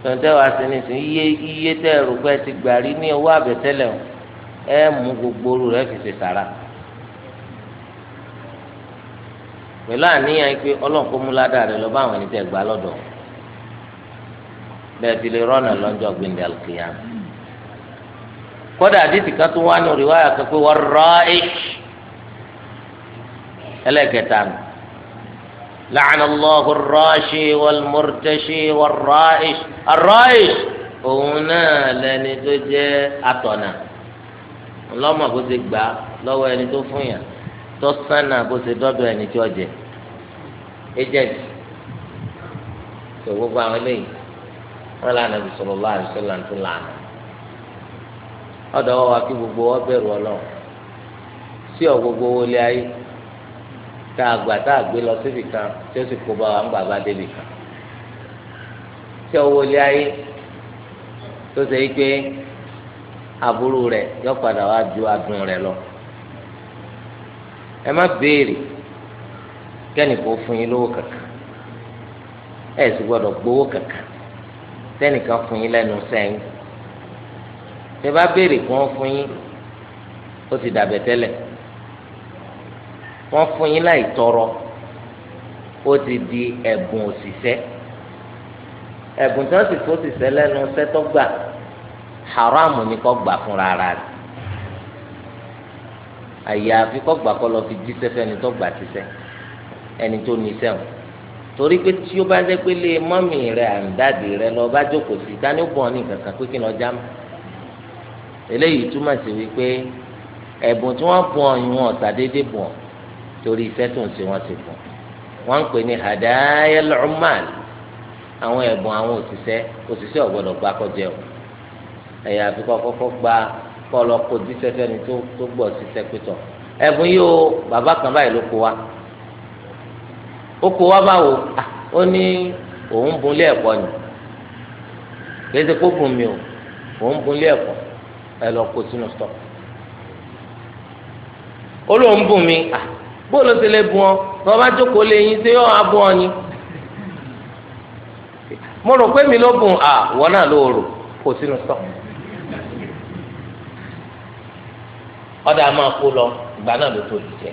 tọ̀tẹ̀ wá iye iye tẹ ẹ rò ẹ ti gbà rí ní owó àbẹ̀tẹ́lẹ̀ o ẹ mú gbogbo orú rẹ fi ṣe pẹ̀lú àníyàn pé ọlọ́run kó bẹ́ẹ̀bi lè rọnà lọ́jọ́ gbẹndẹ alùpùpù kódà àdìsí kan tó wá ní rìwáyà kan pé wọn rọ ẹ ẹlẹ́kẹta nù. لعن الله الراشي والمرتشي والرائش الرائش هنا لن تجي أطنا الله ما بوزي با لو أن تفنيا تصنع بوزي دودو أن تجي إجاز سوف أعمل wọn lànà bí sọlọ lọ lànà ọdọ wá kí gbogbo wọn bẹ̀rù Ọlọ́run sí ọ gbogbo owó lé ayé tá a gbà tá a gbé lọ síbi kan tí ó sì kó bá wa ń gbà bá débi kan sí lé ayé tó ṣe é pé rẹ yọ padà wá ju adùn rẹ lọ ẹ má béèrè kẹ́nìkan fún yín lówó kankan ẹ tẹnìkan fún yín lẹ́nu sẹ́yìn tẹ bá béèrè kí wọ́n fún yín ó ti dàbẹ̀ tẹ́lẹ̀ wọ́n fún yín láì tọrọ ó ti di ẹ̀bùn òṣìṣẹ́ ẹ̀bùn tí wọ́n sì fún òṣìṣẹ́ lẹ́nu sẹ́tọ́ gbà haramu ni kò gbà fúnra rà rẹ̀ àyàfi kò gbà kó lọ fi jíṣẹ́ fẹ́ni tó gbà ṣiṣẹ́ ẹni tó ní sẹ́wọ̀n torí pé tí ó bá jẹ́ pé lé mọ́mì rẹ̀ àǹdáàdì rẹ̀ lọ bá jókòó sí ta ni ó bọ̀ ní kankan pé kí n lọ já mọ́ eléyìí túmọ̀ sí wípé ẹ̀bùn tí wọ́n bọ̀ ọ̀yún ọ̀tà déédéé bọ̀ torí iṣẹ́ tó ń ṣe wọ́n ti bọ̀ wọ́n ń pè ní hadayel umal àwọn ẹ̀bùn àwọn òṣìṣẹ́ òṣìṣẹ́ ò gbọ́dọ̀ kọjá o ẹ̀yà àfikọ́ kọ́kọ́ gba kọ́ lọ kó fẹ́ni tó gbọ́ síṣẹ́ pẹ́tọ̀ ẹ̀bùn yìí o bàbá kan báyìí ló kó wa ó kó wá báwo ó ní òun bunlé ẹ̀kọ́ ni kéde kó mi o òun bunlé ẹ̀kọ́ ẹ lọ kó sínú stọọ ó lóun bùn mi bóòlù ti lè bùn ọ bí wọn bá jókòó lé yín ṣé yóò á bùn ọ ni mo rò pé mi ló bùn à wọn náà ló rò kó sínú stọọ ọdà máa kó lọ ìgbà náà ló tó lù jẹ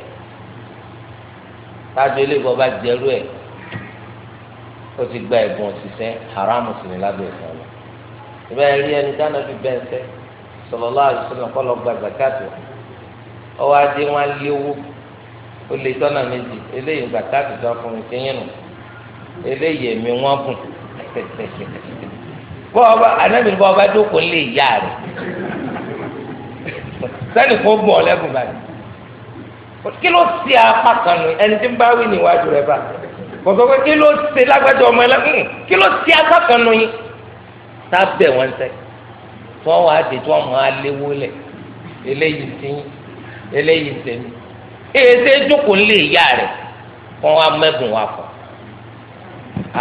tájú eléyìí bá jẹrú ẹ ó ti gba ẹ̀bùn òṣìṣẹ́ haramu sì ní lábẹ́ ìfẹ́ lọ. ìbá rí ẹni dáná fi bẹ́ẹ̀ sẹ́ sallallahu alaihi wasallam kọ́ lọ gba zakatu ọwọ́ adé wọn lé owó ó lè tọ́nà méjì eléyìí zakatu tó fún mi kéyìn nù eléyìí èmi wọn gùn bọ́ ọba anábìrin bọ́ ọba dókòó lè yá rẹ̀ sẹ́ni kó gbọ́ ọ lẹ́gùn báyìí kí ló ṣe apá kan nù ẹni tí ń bá wí níwájú rẹ bá kọ̀ọ̀kan pé kí ló ṣe lágbájọ ọmọ ẹlẹ́kùn hmm, kí ló ṣe apá kan yín tá a bẹ̀ wọ́n sẹ́ tí wọ́n wá dé tí wọ́n mọ̀ á léwó lẹ̀ eléyìí ti yín eléyìí tẹ̀mí èyí tẹ́ jókòó lé ìyá rẹ̀ kọ́ wa mẹ́bùn wa fọ́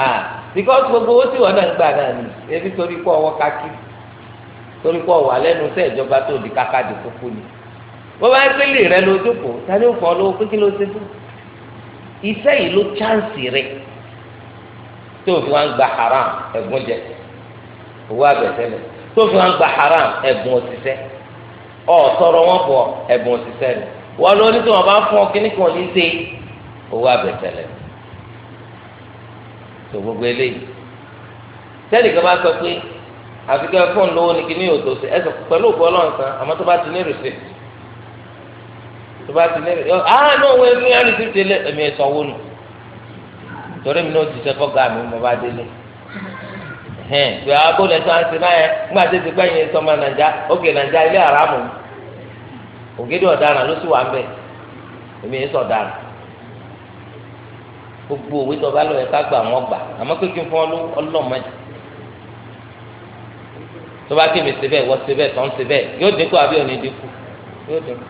ah because gbogbo owó tí wọ́n náà ń gbà náà ni ebi torí kọ́ ọwọ́ kakí torí kọ́ ọ̀wà lẹ́nu sẹ́ ìjọba tó di kákàdé kúkú ni wọ́n bá gbé lè rẹ ló jókòó tani ó fọ́ ọ lówó pé kí ló ṣe fún iṣẹ́ yìí ló chánsì rẹ̀ tó fi wọn gba haram ẹ̀gbọ́n jẹ owó abẹ́sẹ̀lẹ̀ tó fi wọn gba haram ẹ̀gbọ́n òṣìṣẹ́ ọ̀tọ́rọ̀ wọn bọ̀ ẹ̀gbọ́n òṣìṣẹ́ rẹ̀ wọ́n lọ ní tí wọ́n bá fún ọ kíní kan ní ṣe owó abẹ́sẹ̀lẹ̀ tó gbogbo eléyìí tẹ́lifíà bá sọ pé àfikẹ́ fóònù lówó ni kíní yóò tó ṣe ẹ̀sọ̀ pẹ̀lú òkú ọlọ́run kan àmọ́ tó bá ti ní rìsíìtì tó bá ti lérè ọ ah náà wọ ẹni ẹni tó délé ẹmi ẹsọ wó nù torí mi náà ti sẹ fọgà mi mo bá délé hẹn pé abóni ah, ẹsọ àti báyẹn nígbà tó ti gbẹ̀yìn ẹsọ ọmọ nàìjà òkè nàìjà ilé àràmù ògidì ọ̀daràn ló sì wà mbẹ èmi ẹsọ ọ̀daràn gbogbo òwe tó bá lọ yẹ ká gbà wọn gbà àmọ́ kékeré fún ọlọmọdé tó bá kémi sebẹ wọ sebẹ tọ́ sebẹ yóò dínkù àbí òní dínkù yóò dínkù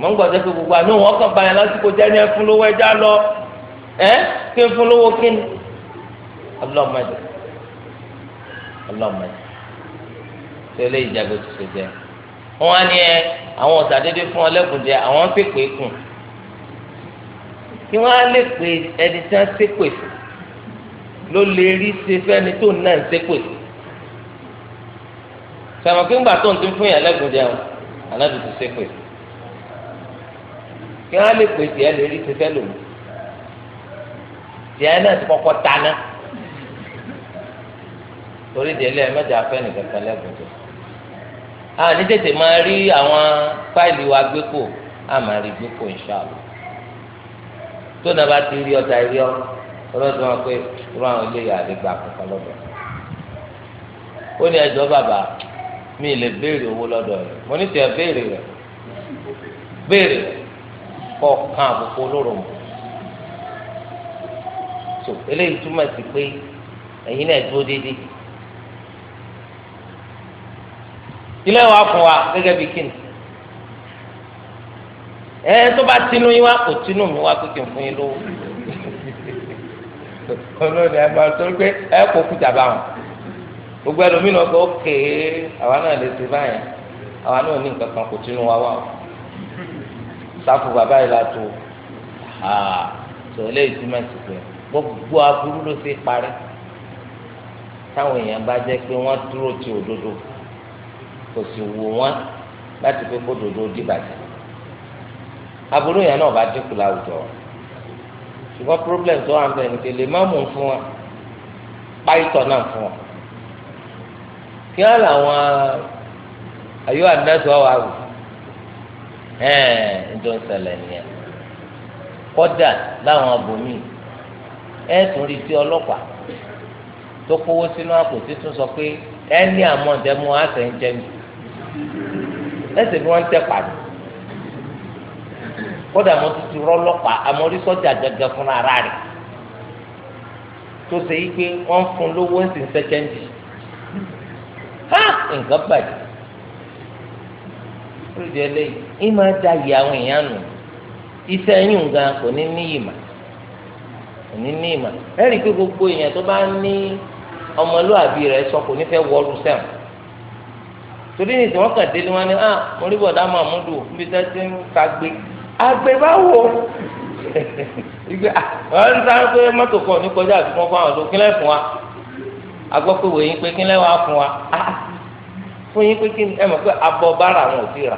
mọ̀ ń gbọ́dọ̀ pé gbogbo àná wọn kàn báyìí lásìkò jẹ́ ní ẹfun lówó ẹja lọ ẹ kí n fún lówó kí ni ọlọ́mọdé ọlọ́mọdé tó eléyìí jẹ́ bó ti ṣe jẹ́ wọn á ní ẹ àwọn ọ̀sà dédé fún ọlẹ́kùn jẹ àwọn ń pèpè kùn kí wọ́n á lè pè ẹni tí wọ́n ṣépè fún ló lè rí ṣe fẹ́ni tó náà ń ṣépè fún sọ̀rọ̀ kí ń gbà tó ń tún fún yàrá ẹ̀kún jẹun àná tuntun ṣépè fún kí wọ́n lè pè tiẹ̀ lórí ti fẹ́ lòun tiẹ̀ náà ti kọ́kọ́ taná torí délé ẹ mẹ́jọ afẹ́ nìkan kan lẹ́gbẹ̀ẹ́ a ní tètè máa rí àwọn fáìlì wa gbé kò a máa rí gbé kò ìṣàlù tó náà bá ti rí ọta rí ọ ọlọ́dún wọn pé irú àwọn ilé yàrá lè gba kankan lọ́dọ̀ ó ní ẹjọ́ bàbá mi lè béèrè owó lọ́dọ̀ rẹ̀ mo ní tiẹ̀ béèrè rẹ̀ béèrè rẹ̀. kọ́ kan àbùkù so eléyìí túmọ̀ sí pé ẹ̀yin náà dúró déédéé fún wa gẹ́gẹ́ bí kíni ẹ tó bá tinú yín wá kò tinú mi wá pé kí n fún yín lówó ẹ máa pé ẹ kò gbogbo àwa náà lè báyìí àwa náà ní nǹkan kò tinú wa wá sáfù bàbá yìí látò tó eléyìí túmọ̀ sí pé gbogbo aburú ló ṣe parí táwọn èèyàn bá jẹ́ pé wọ́n dúró ti òdodo kò sì wò wọ́n láti pé kó òdodo dìbàjẹ́ aburú yẹn náà bá dínkù láwùjọ ṣùgbọ́n problem tó wà ń bẹ̀ ní pé lè má mú un fún wa páìtọ̀ náà fún wa kí á làwọn ayọ́ àdínẹ́sọ̀ wà wò ẹ̀ẹ́n níjọ́ ń ṣẹlẹ̀ nìyẹn kọ́dà láwọn abòmíì ẹ̀ tún rí sí ọlọ́pàá tó kówó sínú àpò títún sọ pé ẹ ní àmọ́ǹdẹ́ mú àṣẹ ń jẹ́ mi ẹsẹ̀ bí wọ́n ń tẹ̀ pàdé kódà mo tuntun rọ́lọ́pàá àmọ́rí sọ́jà gẹ́gẹ́ fún ara rẹ̀ tó ṣe yí pé wọ́n fún lówó ń sìn sẹ́kẹ́ndì ha nǹkan bàjẹ́ lójú eléyìí ìmọ̀ da ìyá àwọn èèyàn nù iṣẹ́ yín gan kò ní ní ìmọ̀ kò ní ní ìmọ̀ ẹ̀rí pé gbogbo èèyàn tó bá ní ọmọlúwàbí rẹ̀ sọ kò ní fẹ́ wọlú sẹ́wọ̀n torí ní ìsìnwọ́n kàn délé wọn ni ah mo rí bọ̀dá mahmudu níbi tẹ́ ti ń agbe bá wò ìgbé àwọn ń sáré pé mọ́tò kan ò ní kọjá àwọn ọ̀dọ́ kílẹ̀ fún wa agbọ́ pé fún yín pé kí ẹ mọ̀ pé abọ́ bára àwọn ò ti rà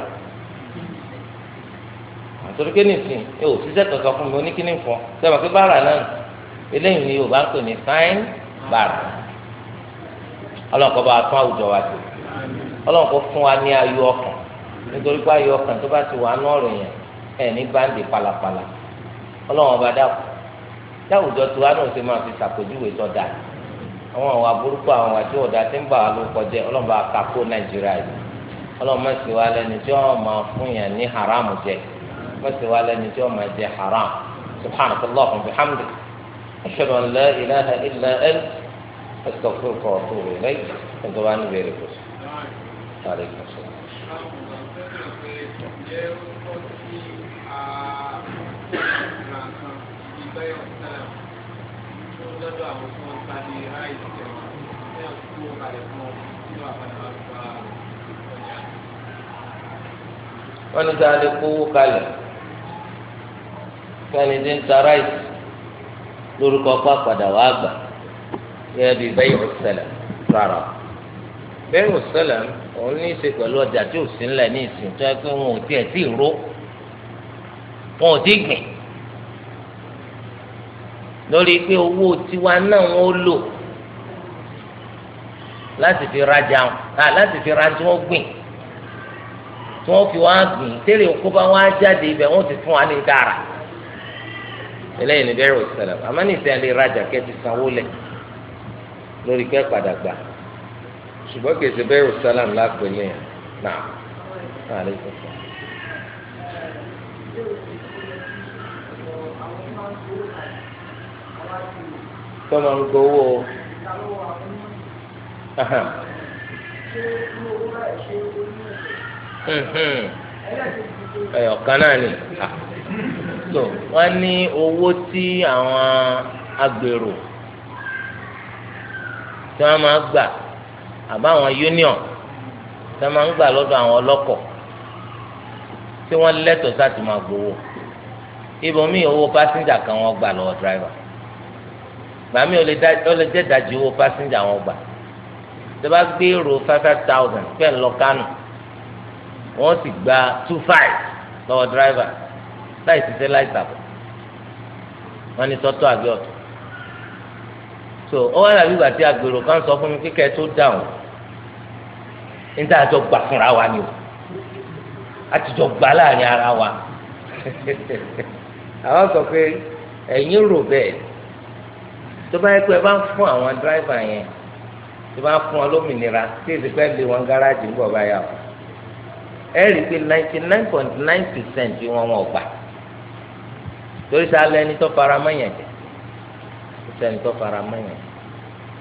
àtòrí pé nìsín ẹ ò ṣiṣẹ́ kankan fún mi oníkíní fún ṣe mọ̀ pé bára náà eléyìí ni Yorùbá ń pè ní fine bára ọlọ́nkọ́ bá tún àwùjọ wa tó ọlọ́nkọ́ fún wa ní ayọ̀ ọkàn nítorí pé ayọ̀ ọkàn tó bá ti wà nù ọ̀rọ̀ yẹn ẹ̀ ní báńdì palapala ọlọ́wọ́n bá dàpọ̀ dáwùjọ tó wa náà ṣe máa fi ṣàpèjúwe tó dáa àwọn àwọn aburúkú àwọn àwọn àti ọ̀dà tí ń bà wá ló kọjá ọlọ́mọba àkàkó nàìjíríà yìí ọlọ́mọ sì wá lẹ́ni tí wọ́n máa fún yàn ní haram jẹ wọ́n sì wá lẹ́ni tí wọ́n máa jẹ haram subhanahu wa ta'ala bihamdi ashhadu an la ilaha illa ant astaghfiruka wa atubu ilayk ẹ̀dọ́ ní bẹ̀rẹ̀ kò sí. Thank you lọ́dọ̀ àwọn tí wọ́n ta ní ráìsì tẹ̀wọ̀n ní ọ̀sùn tó kalẹ̀ fún ọ nínú àpàdé wa gba ọjà. wọ́n ní sáà lè kówó kalẹ̀ kẹ́ni tí ń ta ráìsì lórúkọ pàpàdà wàá gbà yẹ bí bẹ́ẹ̀ yóò ṣẹlẹ̀ rárá bẹ́ẹ̀ yóò ṣẹlẹ̀ òun ní í ṣe pẹ̀lú ọjà tí ò sí ńlẹ̀ ní ìsìn tó yẹ pé wọn ò tiẹ̀ tí ì ró wọn ò tí ì gbìn lórí pé owó tiwa náà wọn ó lò láti fi rajà wọn láti fi ra tí wọn gbìn tí wọn fi wọn gbìn tẹ́lẹ̀ òkú bá wọn á jáde ibẹ̀ wọn ti fún wa ní dára eléyìí ni bẹ́ẹ̀ rò ṣẹlẹ̀ àmọ́ ní ìsẹ́yìn lè rajà kẹ́ sanwó lẹ̀ lórí kẹ́ padà gbà ṣùgbọ́n kèsì bẹ́ẹ̀ rò ṣẹlẹ̀ náà. tó máa ń gbowó ẹyọ kan náà ni ah. so wọ́n ní owó tí àwọn agbèrò tí wọ́n máa gbà àbá àwọn union tí wọ́n máa ń gbà lọ́dọ̀ àwọn ọlọ́kọ̀ tí wọ́n lẹ́tọ̀ọ́ sáà ti máa gbowó ibòmíì owó pásíńjà kan wọ́n gbà lọ́wọ́ dráìvà gbàmí ó lè jẹ́ ìdajì owó pásíńjà wọn gbà tó bá gbé èrò five five thousand fẹ́ lọ kánò wọ́n sì gba two five lọ́wọ́ driver láì ṣiṣẹ́ láì tàbọ̀ wọ́n ní tọ́tọ́ àgbẹ̀ ọ̀tọ̀ so ó wá dàbí ìgbà tí agbèrò kan sọ fún mi kíkẹ́ tó dáhùn níta àjọ gbà fúnra wa ni o àtijọ́ gbà láàrin ara wa àwọn sọ pé ẹ̀yin rò bẹ́ẹ̀ tó bá yẹ pé ẹ bá ń fún àwọn dírẹ́fà yẹn tó bá fún wọn lómìnira tí èsì pẹ́ lé wọn gáràjì ńbọ̀ bá yà ó ẹ rí i pé ninety nine point nine percent wọn wọn gbà torí sáà lẹ́ni tó fara mọ́ yẹn jẹ sẹ́ni tó fara mọ́ yẹn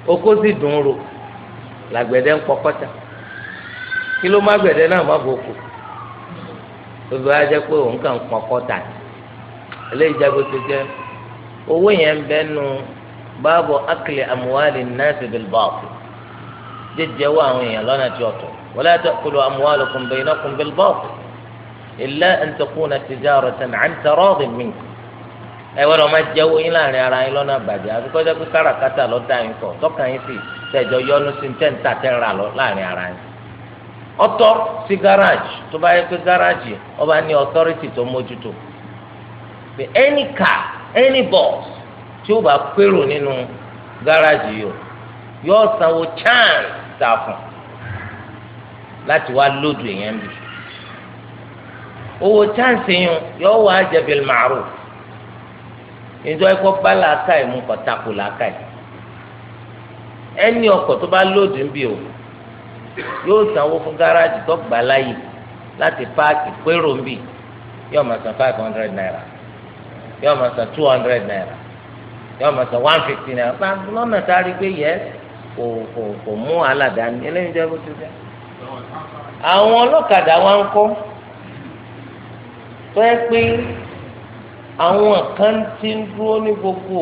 oko sì dùn ro làgbẹ̀dẹ ń pọkọ́ta kí ló má gbẹ̀dẹ náà má bò kù gbogbo wa jẹ́ pé òun kàn pọkọ́ta eléyìí jẹ́ bó ti jẹ́ owó yẹn ń bẹ́ẹ̀ nu báàbò akílẹ̀ àmúhálì náàsì bilbaafi jẹjẹ wọ àwọn èèyàn lọ́nà tí ọ̀tọ̀ wọlé àtàkùlù àmúhálì kùnbẹ̀ iná kùnbẹ̀ bilbaafi ilé ẹnìtẹkùnà tìjáàrọ̀ tẹ̀lé àǹtẹ̀rọ̀ọ̀dì mi ẹ wọ́n máa jẹ́ owó yín láàrin ara yín lọ́nà àbàjẹ́ àfi kọ́jà pé káràkátà lọ́ da yín kọ̀ tọ́ka yín sì tẹ̀jọ́ yọnu sí tẹ́ǹtà tẹ́ra láàrin ara yín ọ̀tọ̀ sí gáràjì tó bá yẹ pé gáràjì ọba ní ọtọ́rìtì tó mójútó any car any bus tí ó bá pérò nínú gáràjì yìí o yóò sanwó chance ta fún láti wá lódù èèyàn bì owó chance yìí yóò wá jẹbil màrú ìjọ ẹkọ bá làákàyè mú kọ takò làákàyè ẹni ọkọ̀ tó bá lódù ń bì o yóò sanwó fún gáràjì tó gbà láàyè láti páàkì pérò ń bì yóò máa san five hundred naira yóò máa san two hundred naira yọọ ma sọ one fifty naira bá lọ́nà tá a rí pé yẹ kò kò kò mú aládàáni eléyìí jẹ́ bó ti jẹ́. àwọn ọlọ́kadà wa ń kọ́ tó yẹ pé àwọn kan ti ń dúró ní gbogbo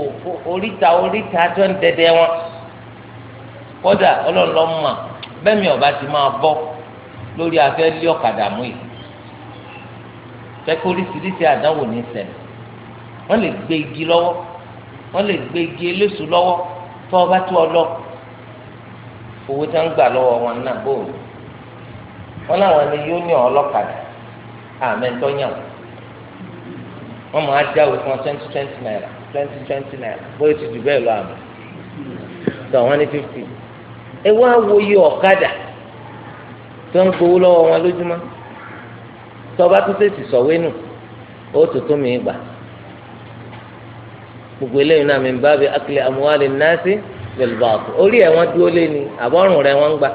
oríta oríta tó ń dẹdẹ wọn kódà ọlọ́ọ̀lọ́mọ bẹ́ẹ̀ mi ọba ti máa bọ́ lórí afẹ́ lé ọ̀kadà mú yìí fẹ́ kó oríṣiríṣi àdánwò ní ṣẹlẹ̀ wọ́n lè gbé igi lọ́wọ́. wọ́n lè gbé igi eléso lọ́wọ́ tó ọba tó ọ lọ owó tí wọ́n gbà lọ́wọ́ wọn náà wọ́n láwọn ni yóò ní ọlọ́kadà àmẹ́ńtọ́yàn wọ́n máa fún twenty twenty naira twenty twenty naira bóyá ti jù bẹ́ẹ̀ lọ ní fifty ẹ wá ọ̀kadà tó ń gbowó lọ́wọ́ wọn lójúmọ́ tó tó sọ̀wé nù mi gbà. gbogbo eléyìí náà mi ń bá bi akili amuwali nasi bilbaatu orí ẹ wọn dúró lé ní àbọrùn rẹ wọn ń gbà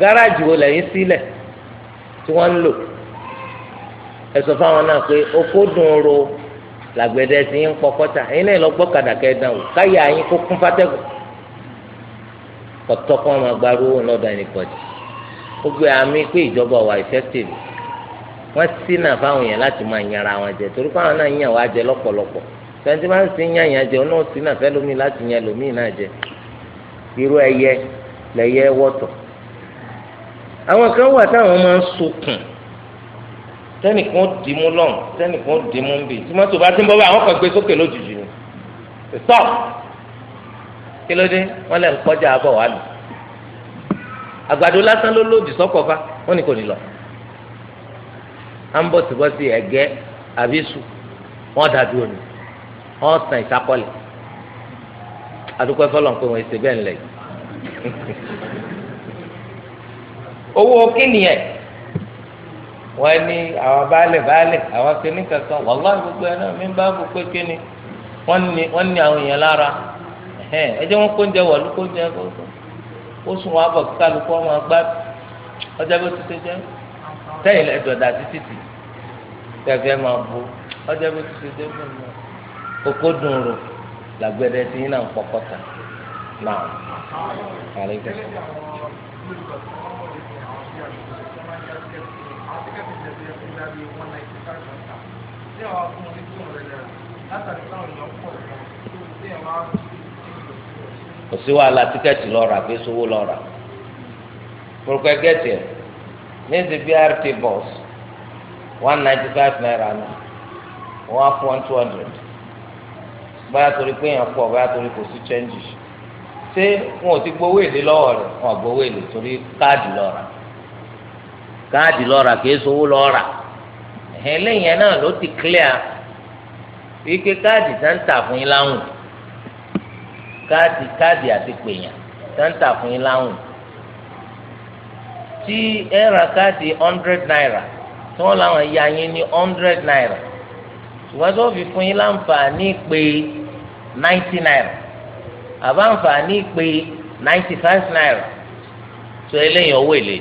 gáràjì wo lẹ́yìn sílẹ̀ tí wọn ń lò ẹ sọ fáwọn náà pé oko dùn ro làgbẹ̀dẹ sí ń pọkọta ẹ̀yin náà lọ gbọ́ kàdàkẹ dàn o káyà yín kó kún fátẹkù kọtọ kọ máa gbarú lọ́dọ̀ ẹnìkọjì gbogbo àmì pé ìjọba wà effective wọn sínà fáwọn yẹn láti máa yanra wọn jẹ torí fáwọn náà yàn wá jẹ lọ́pọ̀lọpọ̀ tẹ̀sí máa ń sin yàn yàn jẹ ọ̀nà òsì náà fẹ́ lómi láti yàn lómi náà jẹ irú ẹyẹ lẹyẹ wọ́tọ̀ àwọn kan wà táwọn máa ń sokùn tẹnìkan dìímú lọ́n tẹnìkan dìímú bì tí mọ́tò bá ti ń bọ́ bá àwọn kan gbé sókè lójijì ni stop kí ló dé wọ́n lẹ́ ń kọjá abọ́ wa lù àgbàdo lásán ló lòdì sọ́kọ̀ọ́fà wọ́n ní kò ní lọ à ń bọ̀ tìbọ́tì ẹ̀gẹ́ àbí sùn wọ́n dàbí òní. wọn san ìsakọlẹ adúpẹ́ fọlọ́n pé wọ́n ṣe bẹ́ẹ̀ lẹ̀ owó kínìyẹ wọ́n ní àwọn baálẹ̀ baálẹ̀ àwọn kìíní kankan gbogbo náà mi bá bò pé kíni wọ́n ní àwọn èèyàn lára ẹ jẹ́ kó ń jẹ kó ń jẹ kó ó sùn wọn abọ̀ kí kálukú ọjà bó ti ṣe ti oko dùn ro làgbẹ̀dẹ tí yín náà ń pọkọ tà náà àlẹ kẹsàn. kò sí wàhálà tíkẹ́ẹ̀tì lọ́ra gbé sówó lọ́ra pòròkò ẹgẹ́tì ẹ̀ ní ti BRT bus one ninety five naira ni wọ́n á fún one two hundred báyà torí pé èèyàn pọ̀ báyà torí kò sí chẹ́ńjì ṣé wọn ò ti gbowó èlé lọ́wọ́ rẹ̀ wọn ò gbowó èlé torí káàdì lọ́ra káàdì lọ́ra kìí sowó lọ́ra ẹ̀hìn ẹ̀ náà ló ti clear wípé káàdì sáńtà fún yín láwùn káàdì káàdì àti pèèyàn sáńtà fún yín láwùn tí ẹ ra káàdì hundred naira tí wọ́n láwọn ya yín ní hundred naira ṣùgbọ́n tó fi fún yín láǹfààní pé ninety naira àbáǹfààní pé ninety five naira tó eléyìí owó èlé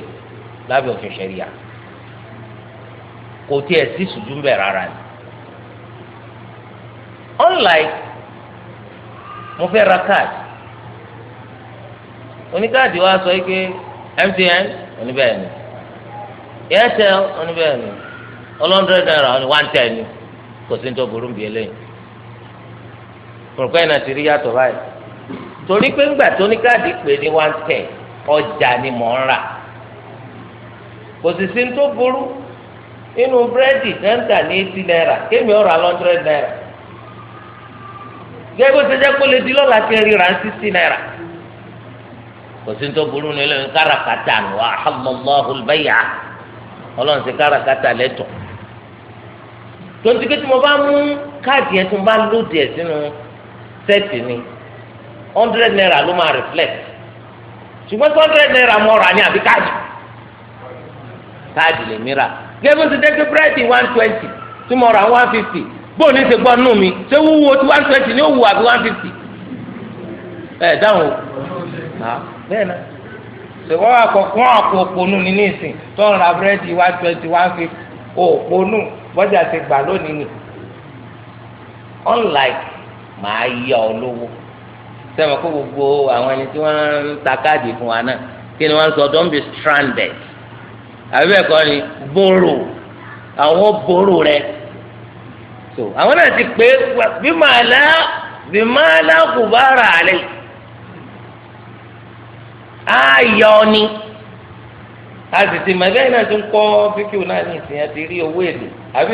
lábẹ́ òfin ṣẹ̀ríà kò tiẹ̀ sí sùdú mbẹ̀ rárá ni unlike mo fẹ́ ra káàdì oníkáàdì wa sọ pé MTN oníbẹ̀ẹ́ ni Airtel oníbẹ̀ẹ́ ni ọlọ́ndẹ̀ẹ́dẹ́rẹ́ one ten ni kò sí ní tó burú bí eléyìí kọ̀ọ̀kan ẹ̀ náà ti rí yàtọ̀ báyìí torí pé ńgbà tó ní káàdì ní one ten ọjà ni mò ń rà kò sì sí tó burú nínú búrẹ́dì tẹ́ńtà ní eighty naira kémi ọ̀rọ̀ alọ́ndrẹ́d naira gẹ́gẹ́ bó ṣe jẹ́ kó lè lọ́la kí n ríra sixty naira kò sí tó burú nílò ní káràkátà nù ahàmọ́lọ́hù bẹ́yà ọlọ́run sí mo bá mú káàdì ẹ̀ tó ń bá lóde ẹ̀ sínú. 30 ni hundred naira ló máa reflect ṣùgbọ́n tí hundred naira mọ̀ ra ní àbí káàdì káàdì lè mìíràn gẹ́gẹ́ bí dẹ́gbẹ́ búrẹ́dì one twenty tí mo ra one fifty bó o ní ṣe gbọ́ nù mí ṣé wúwo tí one twenty àbí one fifty dáhùn o bẹ́ẹ̀ náà ṣùgbọ́n àkọ́kọ́ ni nísìn tó ń ra one twenty one fifty bọ́jà ti gbà lónìí unlike màá yá ọ lówó sẹ́wọ̀n kó gbogbo àwọn ẹni tí wọ́n ń ta káàdì fún wa náà kí ni wọ́n sọ don't be stranded àbí ni bóró àwọn rẹ so àwọn náà ti pé bí màá lá bí màá lá bá rà á ni asìsì màbí ẹ̀yin náà ti ń kọ́ fíkìú náà ní ìsìn àti rí owó àbí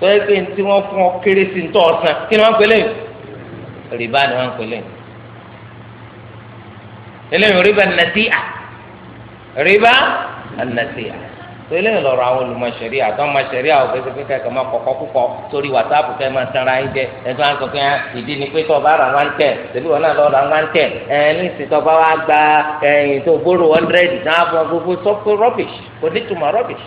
tọ́yẹ pé tí wọ́n fún ọ kéré sí ntọ́ ọ̀sán kí ni wọ́n pè lẹ́yìn rìbá ni wọ́n pè lẹ́yìn eléyìí rìbá nàdíà rìbá nàdíà tó eléyìí lọ́rọ̀ àwọn olùmọ̀ṣẹ̀rí àtọ́ ọmọṣẹ̀rí àwọn òfin pé kẹ́kẹ́ máa kọ́kọ́ púpọ̀ sórí wàtáàpù kẹ́ máa sanra yín jẹ ẹ̀tọ́ àwọn sọ̀kẹ́ ìdí ni pé tọ́ba ara wọn tẹ̀ tẹ̀lé wọn náà lọ́ọ́ ra wọn tẹ̀ ẹ̀ ní ìsìn tọ́ba wa gba ẹ̀yìn tó gbóró hundred náà fún ọ gbogbo sọ́kú rubbish kò ní tùmọ̀ rubbish.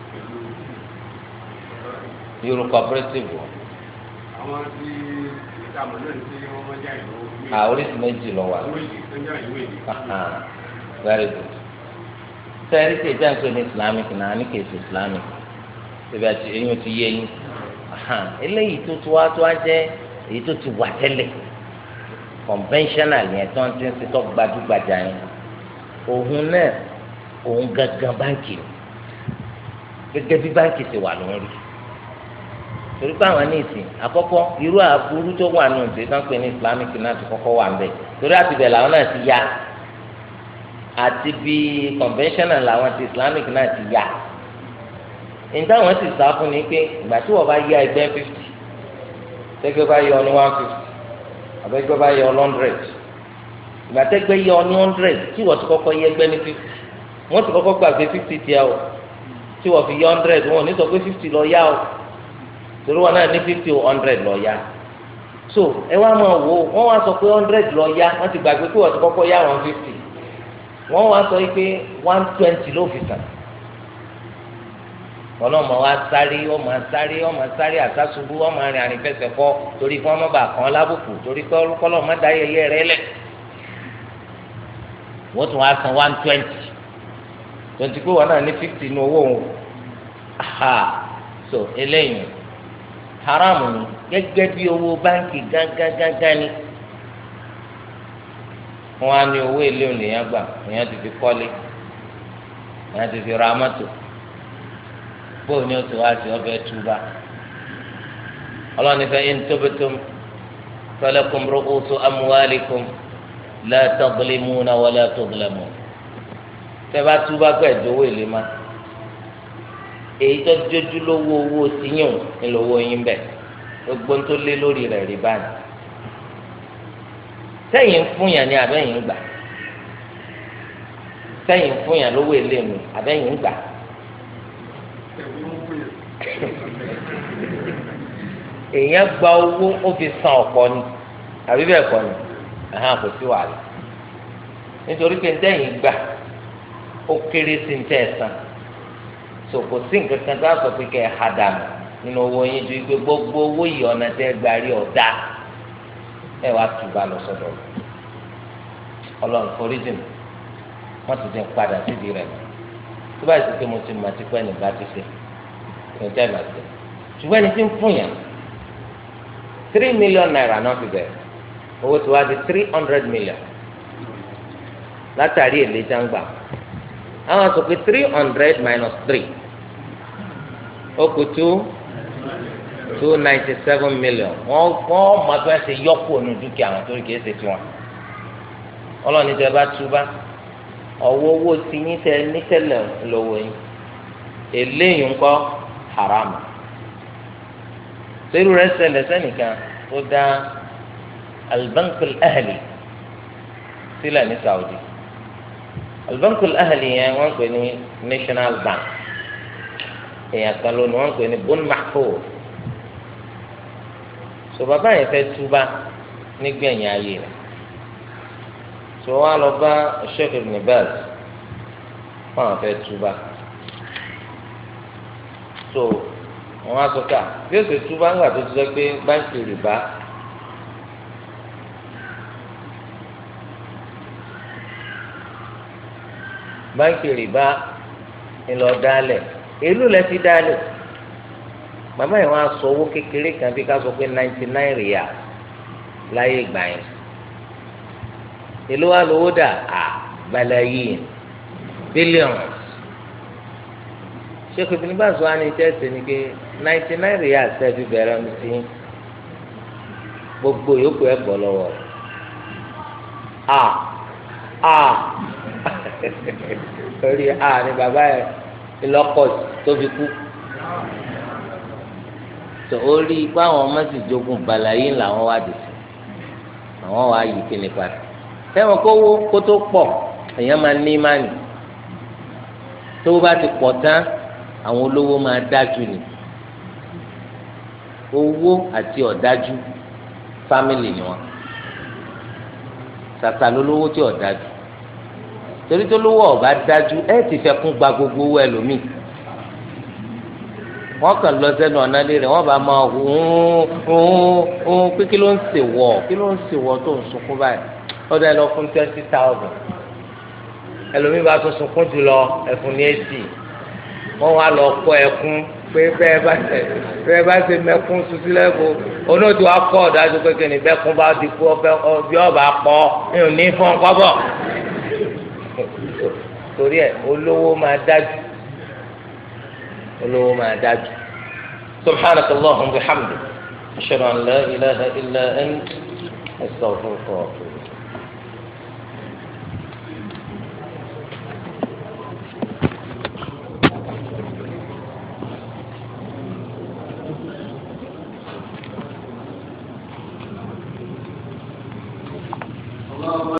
euro cooperative wọn. àwọn tí ìtàmù náà ti wọn mọ jáì lọ. ah oríṣi méjì lọ wà. oríṣi tó ń jáì lóye. very good. sẹ́ẹ̀rì tí ìjà ń pè ní islamic náà ní kèsì islamic ṣẹbi àti eyín ti yé yín eléyìí tó tó wá tó wá jẹ́ èyí tó ti wà tẹ́lẹ̀ conventional yẹn tó ń ti ń sitọ́ gbajúgbajà yẹn òun náà òun gangan báńkì gẹ́gẹ́ bí báńkì ti wà lórí torí pé àwọn ní ìsìn àkọ́kọ́ irú àbúrú tó wà nù ṣe tán ní islamic náà ti kọ́kọ́ wà nbẹ̀ torí àti bẹ̀ làwọn náà ti yá àti bí conventional làwọn ti islamic náà ti yá níta wọn sì sá fún ni pé ìgbà tí wọn bá yá ẹgbẹ́ fifty tẹ́gbẹ́ bá yọ ní one fifty àbẹ́gbẹ́ bá yọ one hundred ìgbà tẹ́gbẹ́ yọ ní hundred tí wọ́n ti kọ́kọ́ yẹ ẹgbẹ́ ní fifty wọ́n ti kọ́kọ́ gbàgbé fifty tiẹ̀ o tí wọ́n fi yọ hundred wọn ò ní sọ pé fifty lọ yá o torí wọn náà ní fifty or hundred lọ ya so ẹ wá máa wò ó wọn wá sọ pé hundred lọ ya wọn ti gbàgbé pé wọn ti kọ́kọ́ ya one fifty wọn wá sọ pé one twenty ló fi tàn wọn náà máa wá sáré wọn máa sáré wọn máa sáré àtàṣubú wọn máa rìn àrìnfẹsẹ̀ kọ torí kí wọn má lábùkù torí kí ọlọ́ọ̀ má dáyé ilé rẹ lẹ̀ wọ́n tún wá san one twenty twenty pé wọn náà ní fifty ní owó òun aha so eléyìí haramu ni gẹ́gẹ́ bí owó báńkì gángangangan ni wọn á ní owó ilé ònìyàn gbà ònìyàn ti fi kọ́lé ònìyàn ti fi ra mọ́tò bóun ni ó ti wá sí ọbẹ̀ túbà ọlọ́ni fẹ́ in tóbitóm falakum ru'usu amwalikum la tadlimuna wa la tudlamun tẹ́ bá túbà pẹ̀ dówó ìlé máa èyí tó dójú lówó owó tiyín ńlọwọ yín bẹ gbogbo tó lé lórí rẹ̀ rí báyìí sẹ́yìn fún ni àbẹ́yìn gbà sẹ́yìn fún yàn lówó èlé mi àbẹ́yìn gbà. èèyàn gba owó ó fi san ọ̀pọ̀ ni àbí bẹ́ẹ̀ kọ́ ni ẹ̀hán kò sí wàhálà nítorí pé ntẹ́yìn gbà ó kéré sí ntẹ́ san so kò sí nǹkan kan tó a sọ pé kẹ́ ẹ ha dànù nínú owó yín ju pé gbogbo owó yìí ọ̀nà tẹ́ gbarí ọ̀dà ẹ wàá túbà lọ sọ́dọ̀ ọlọ́run foríjì mi wọ́n ti dín padà síbi rẹ̀ tó bá ti pé mo ti mọ̀ ti pẹ́ nígbà ti ṣe kò jẹ́ ìgbà tó ṣùgbọ́n ẹni tí ń fún yàn three million naira náà fi bẹ̀rẹ̀ owó tí wàá di three hundred million látàrí èlé jàǹgbà àwọn sọ three hundred minus three ó kù two ninety seven million wọ́n wọ́n mọ̀ pé ṣe yọ́pọ̀ nù dúkìá wọn torí kìí ṣe tiwọn ọlọ́ọ̀ni tẹ bá túbá ọwọ́ owó tí yín tẹ nítẹ̀lẹ̀ lọ́wọ́ yín eléyìí ńkọ́ haram sẹ́rù rẹ̀ ṣẹlẹ̀ sẹ́nìkan ó dá albankul ahli sílẹ̀ ní Saudi albankul ahli yẹn wọ́n pè ní national bank èèyàn kan ló ní wọ́n pè ní bone mahfoud so bàbá yẹn fẹ́ túbá nígbẹ̀yìn ayé rẹ̀ so wọ́n á lọ bá Sheikh Ibn Baz wọ́n á fẹ́ túbá so wọ́n á sọ ká ah, bí ó ṣe túbá ńgbà tó ti sọ pé báńkì rìbá báńkì rìbá ńlọ dálẹ̀ èlò lẹ ti dá lò màmá yẹn wọn aṣọ owó kékeré kan bí ká sọ pé ninety nine rìal láyé ìgbà yẹn èlò wa lówó dà à balẹ̀ yìí bílíọ̀nù seko ibi nígbà tó wà ní ìjẹ́ ni pé ninety nine rìal sẹ́ẹ̀fì bẹ̀rẹ̀ ọ̀nù sí gbogbo yòókù ẹ̀ gbọ́ lọ́wọ́ rẹ̀ à à orí à ní bàbá yẹn ìlọ́kọ̀ tó fi kú tó o rí i pé àwọn ọmọ sì jogun balayi làwọn wá dì sí àwọn wá yìí kíni padà sẹ́wọ̀n kówó kó tó pọ̀ èèyàn máa ní ìmánì tó bá ti pọ̀ tán àwọn olówó máa dájú ni owó àti ọ̀dájú fámìlì ni wọn sàtàlólówó tí ọ̀dájú torí tó lówó ọba dájú ẹ ti fẹ́ kún gba gbogbo owó ẹlòmíì wọ́n kàn lọ sẹ́nu ọ̀nà lérè wọ́n bá máa hùn hùn hùn pé kí ló ń sè wọ̀ kí ló ń sè wọ̀ tó ń sunkún báyìí ọ̀dọ̀ ẹ lọ fún twenty thousand ẹlòmíì bá tún sunkún jù lọ ẹ̀fún ní èsì wọ́n wá lọ kọ́ ẹkún pé bẹ́ẹ̀ bá ṣe bẹ́ẹ̀ bá ṣe mẹ́kún sùsí lẹ́kọ̀ọ́ onóòtú akọ́ ọ̀dájú pé kí ni bẹ́ẹ̀kún bá di kú ọbẹ̀ ọbẹ̀ ọba pọ̀ ní òní fún ọ torí ẹ olówó máa dájú olówó máa dájú subhanaka allahumma wa bihamdika ashhadu an la ilaha illa anta astaghfiruka wa atubu.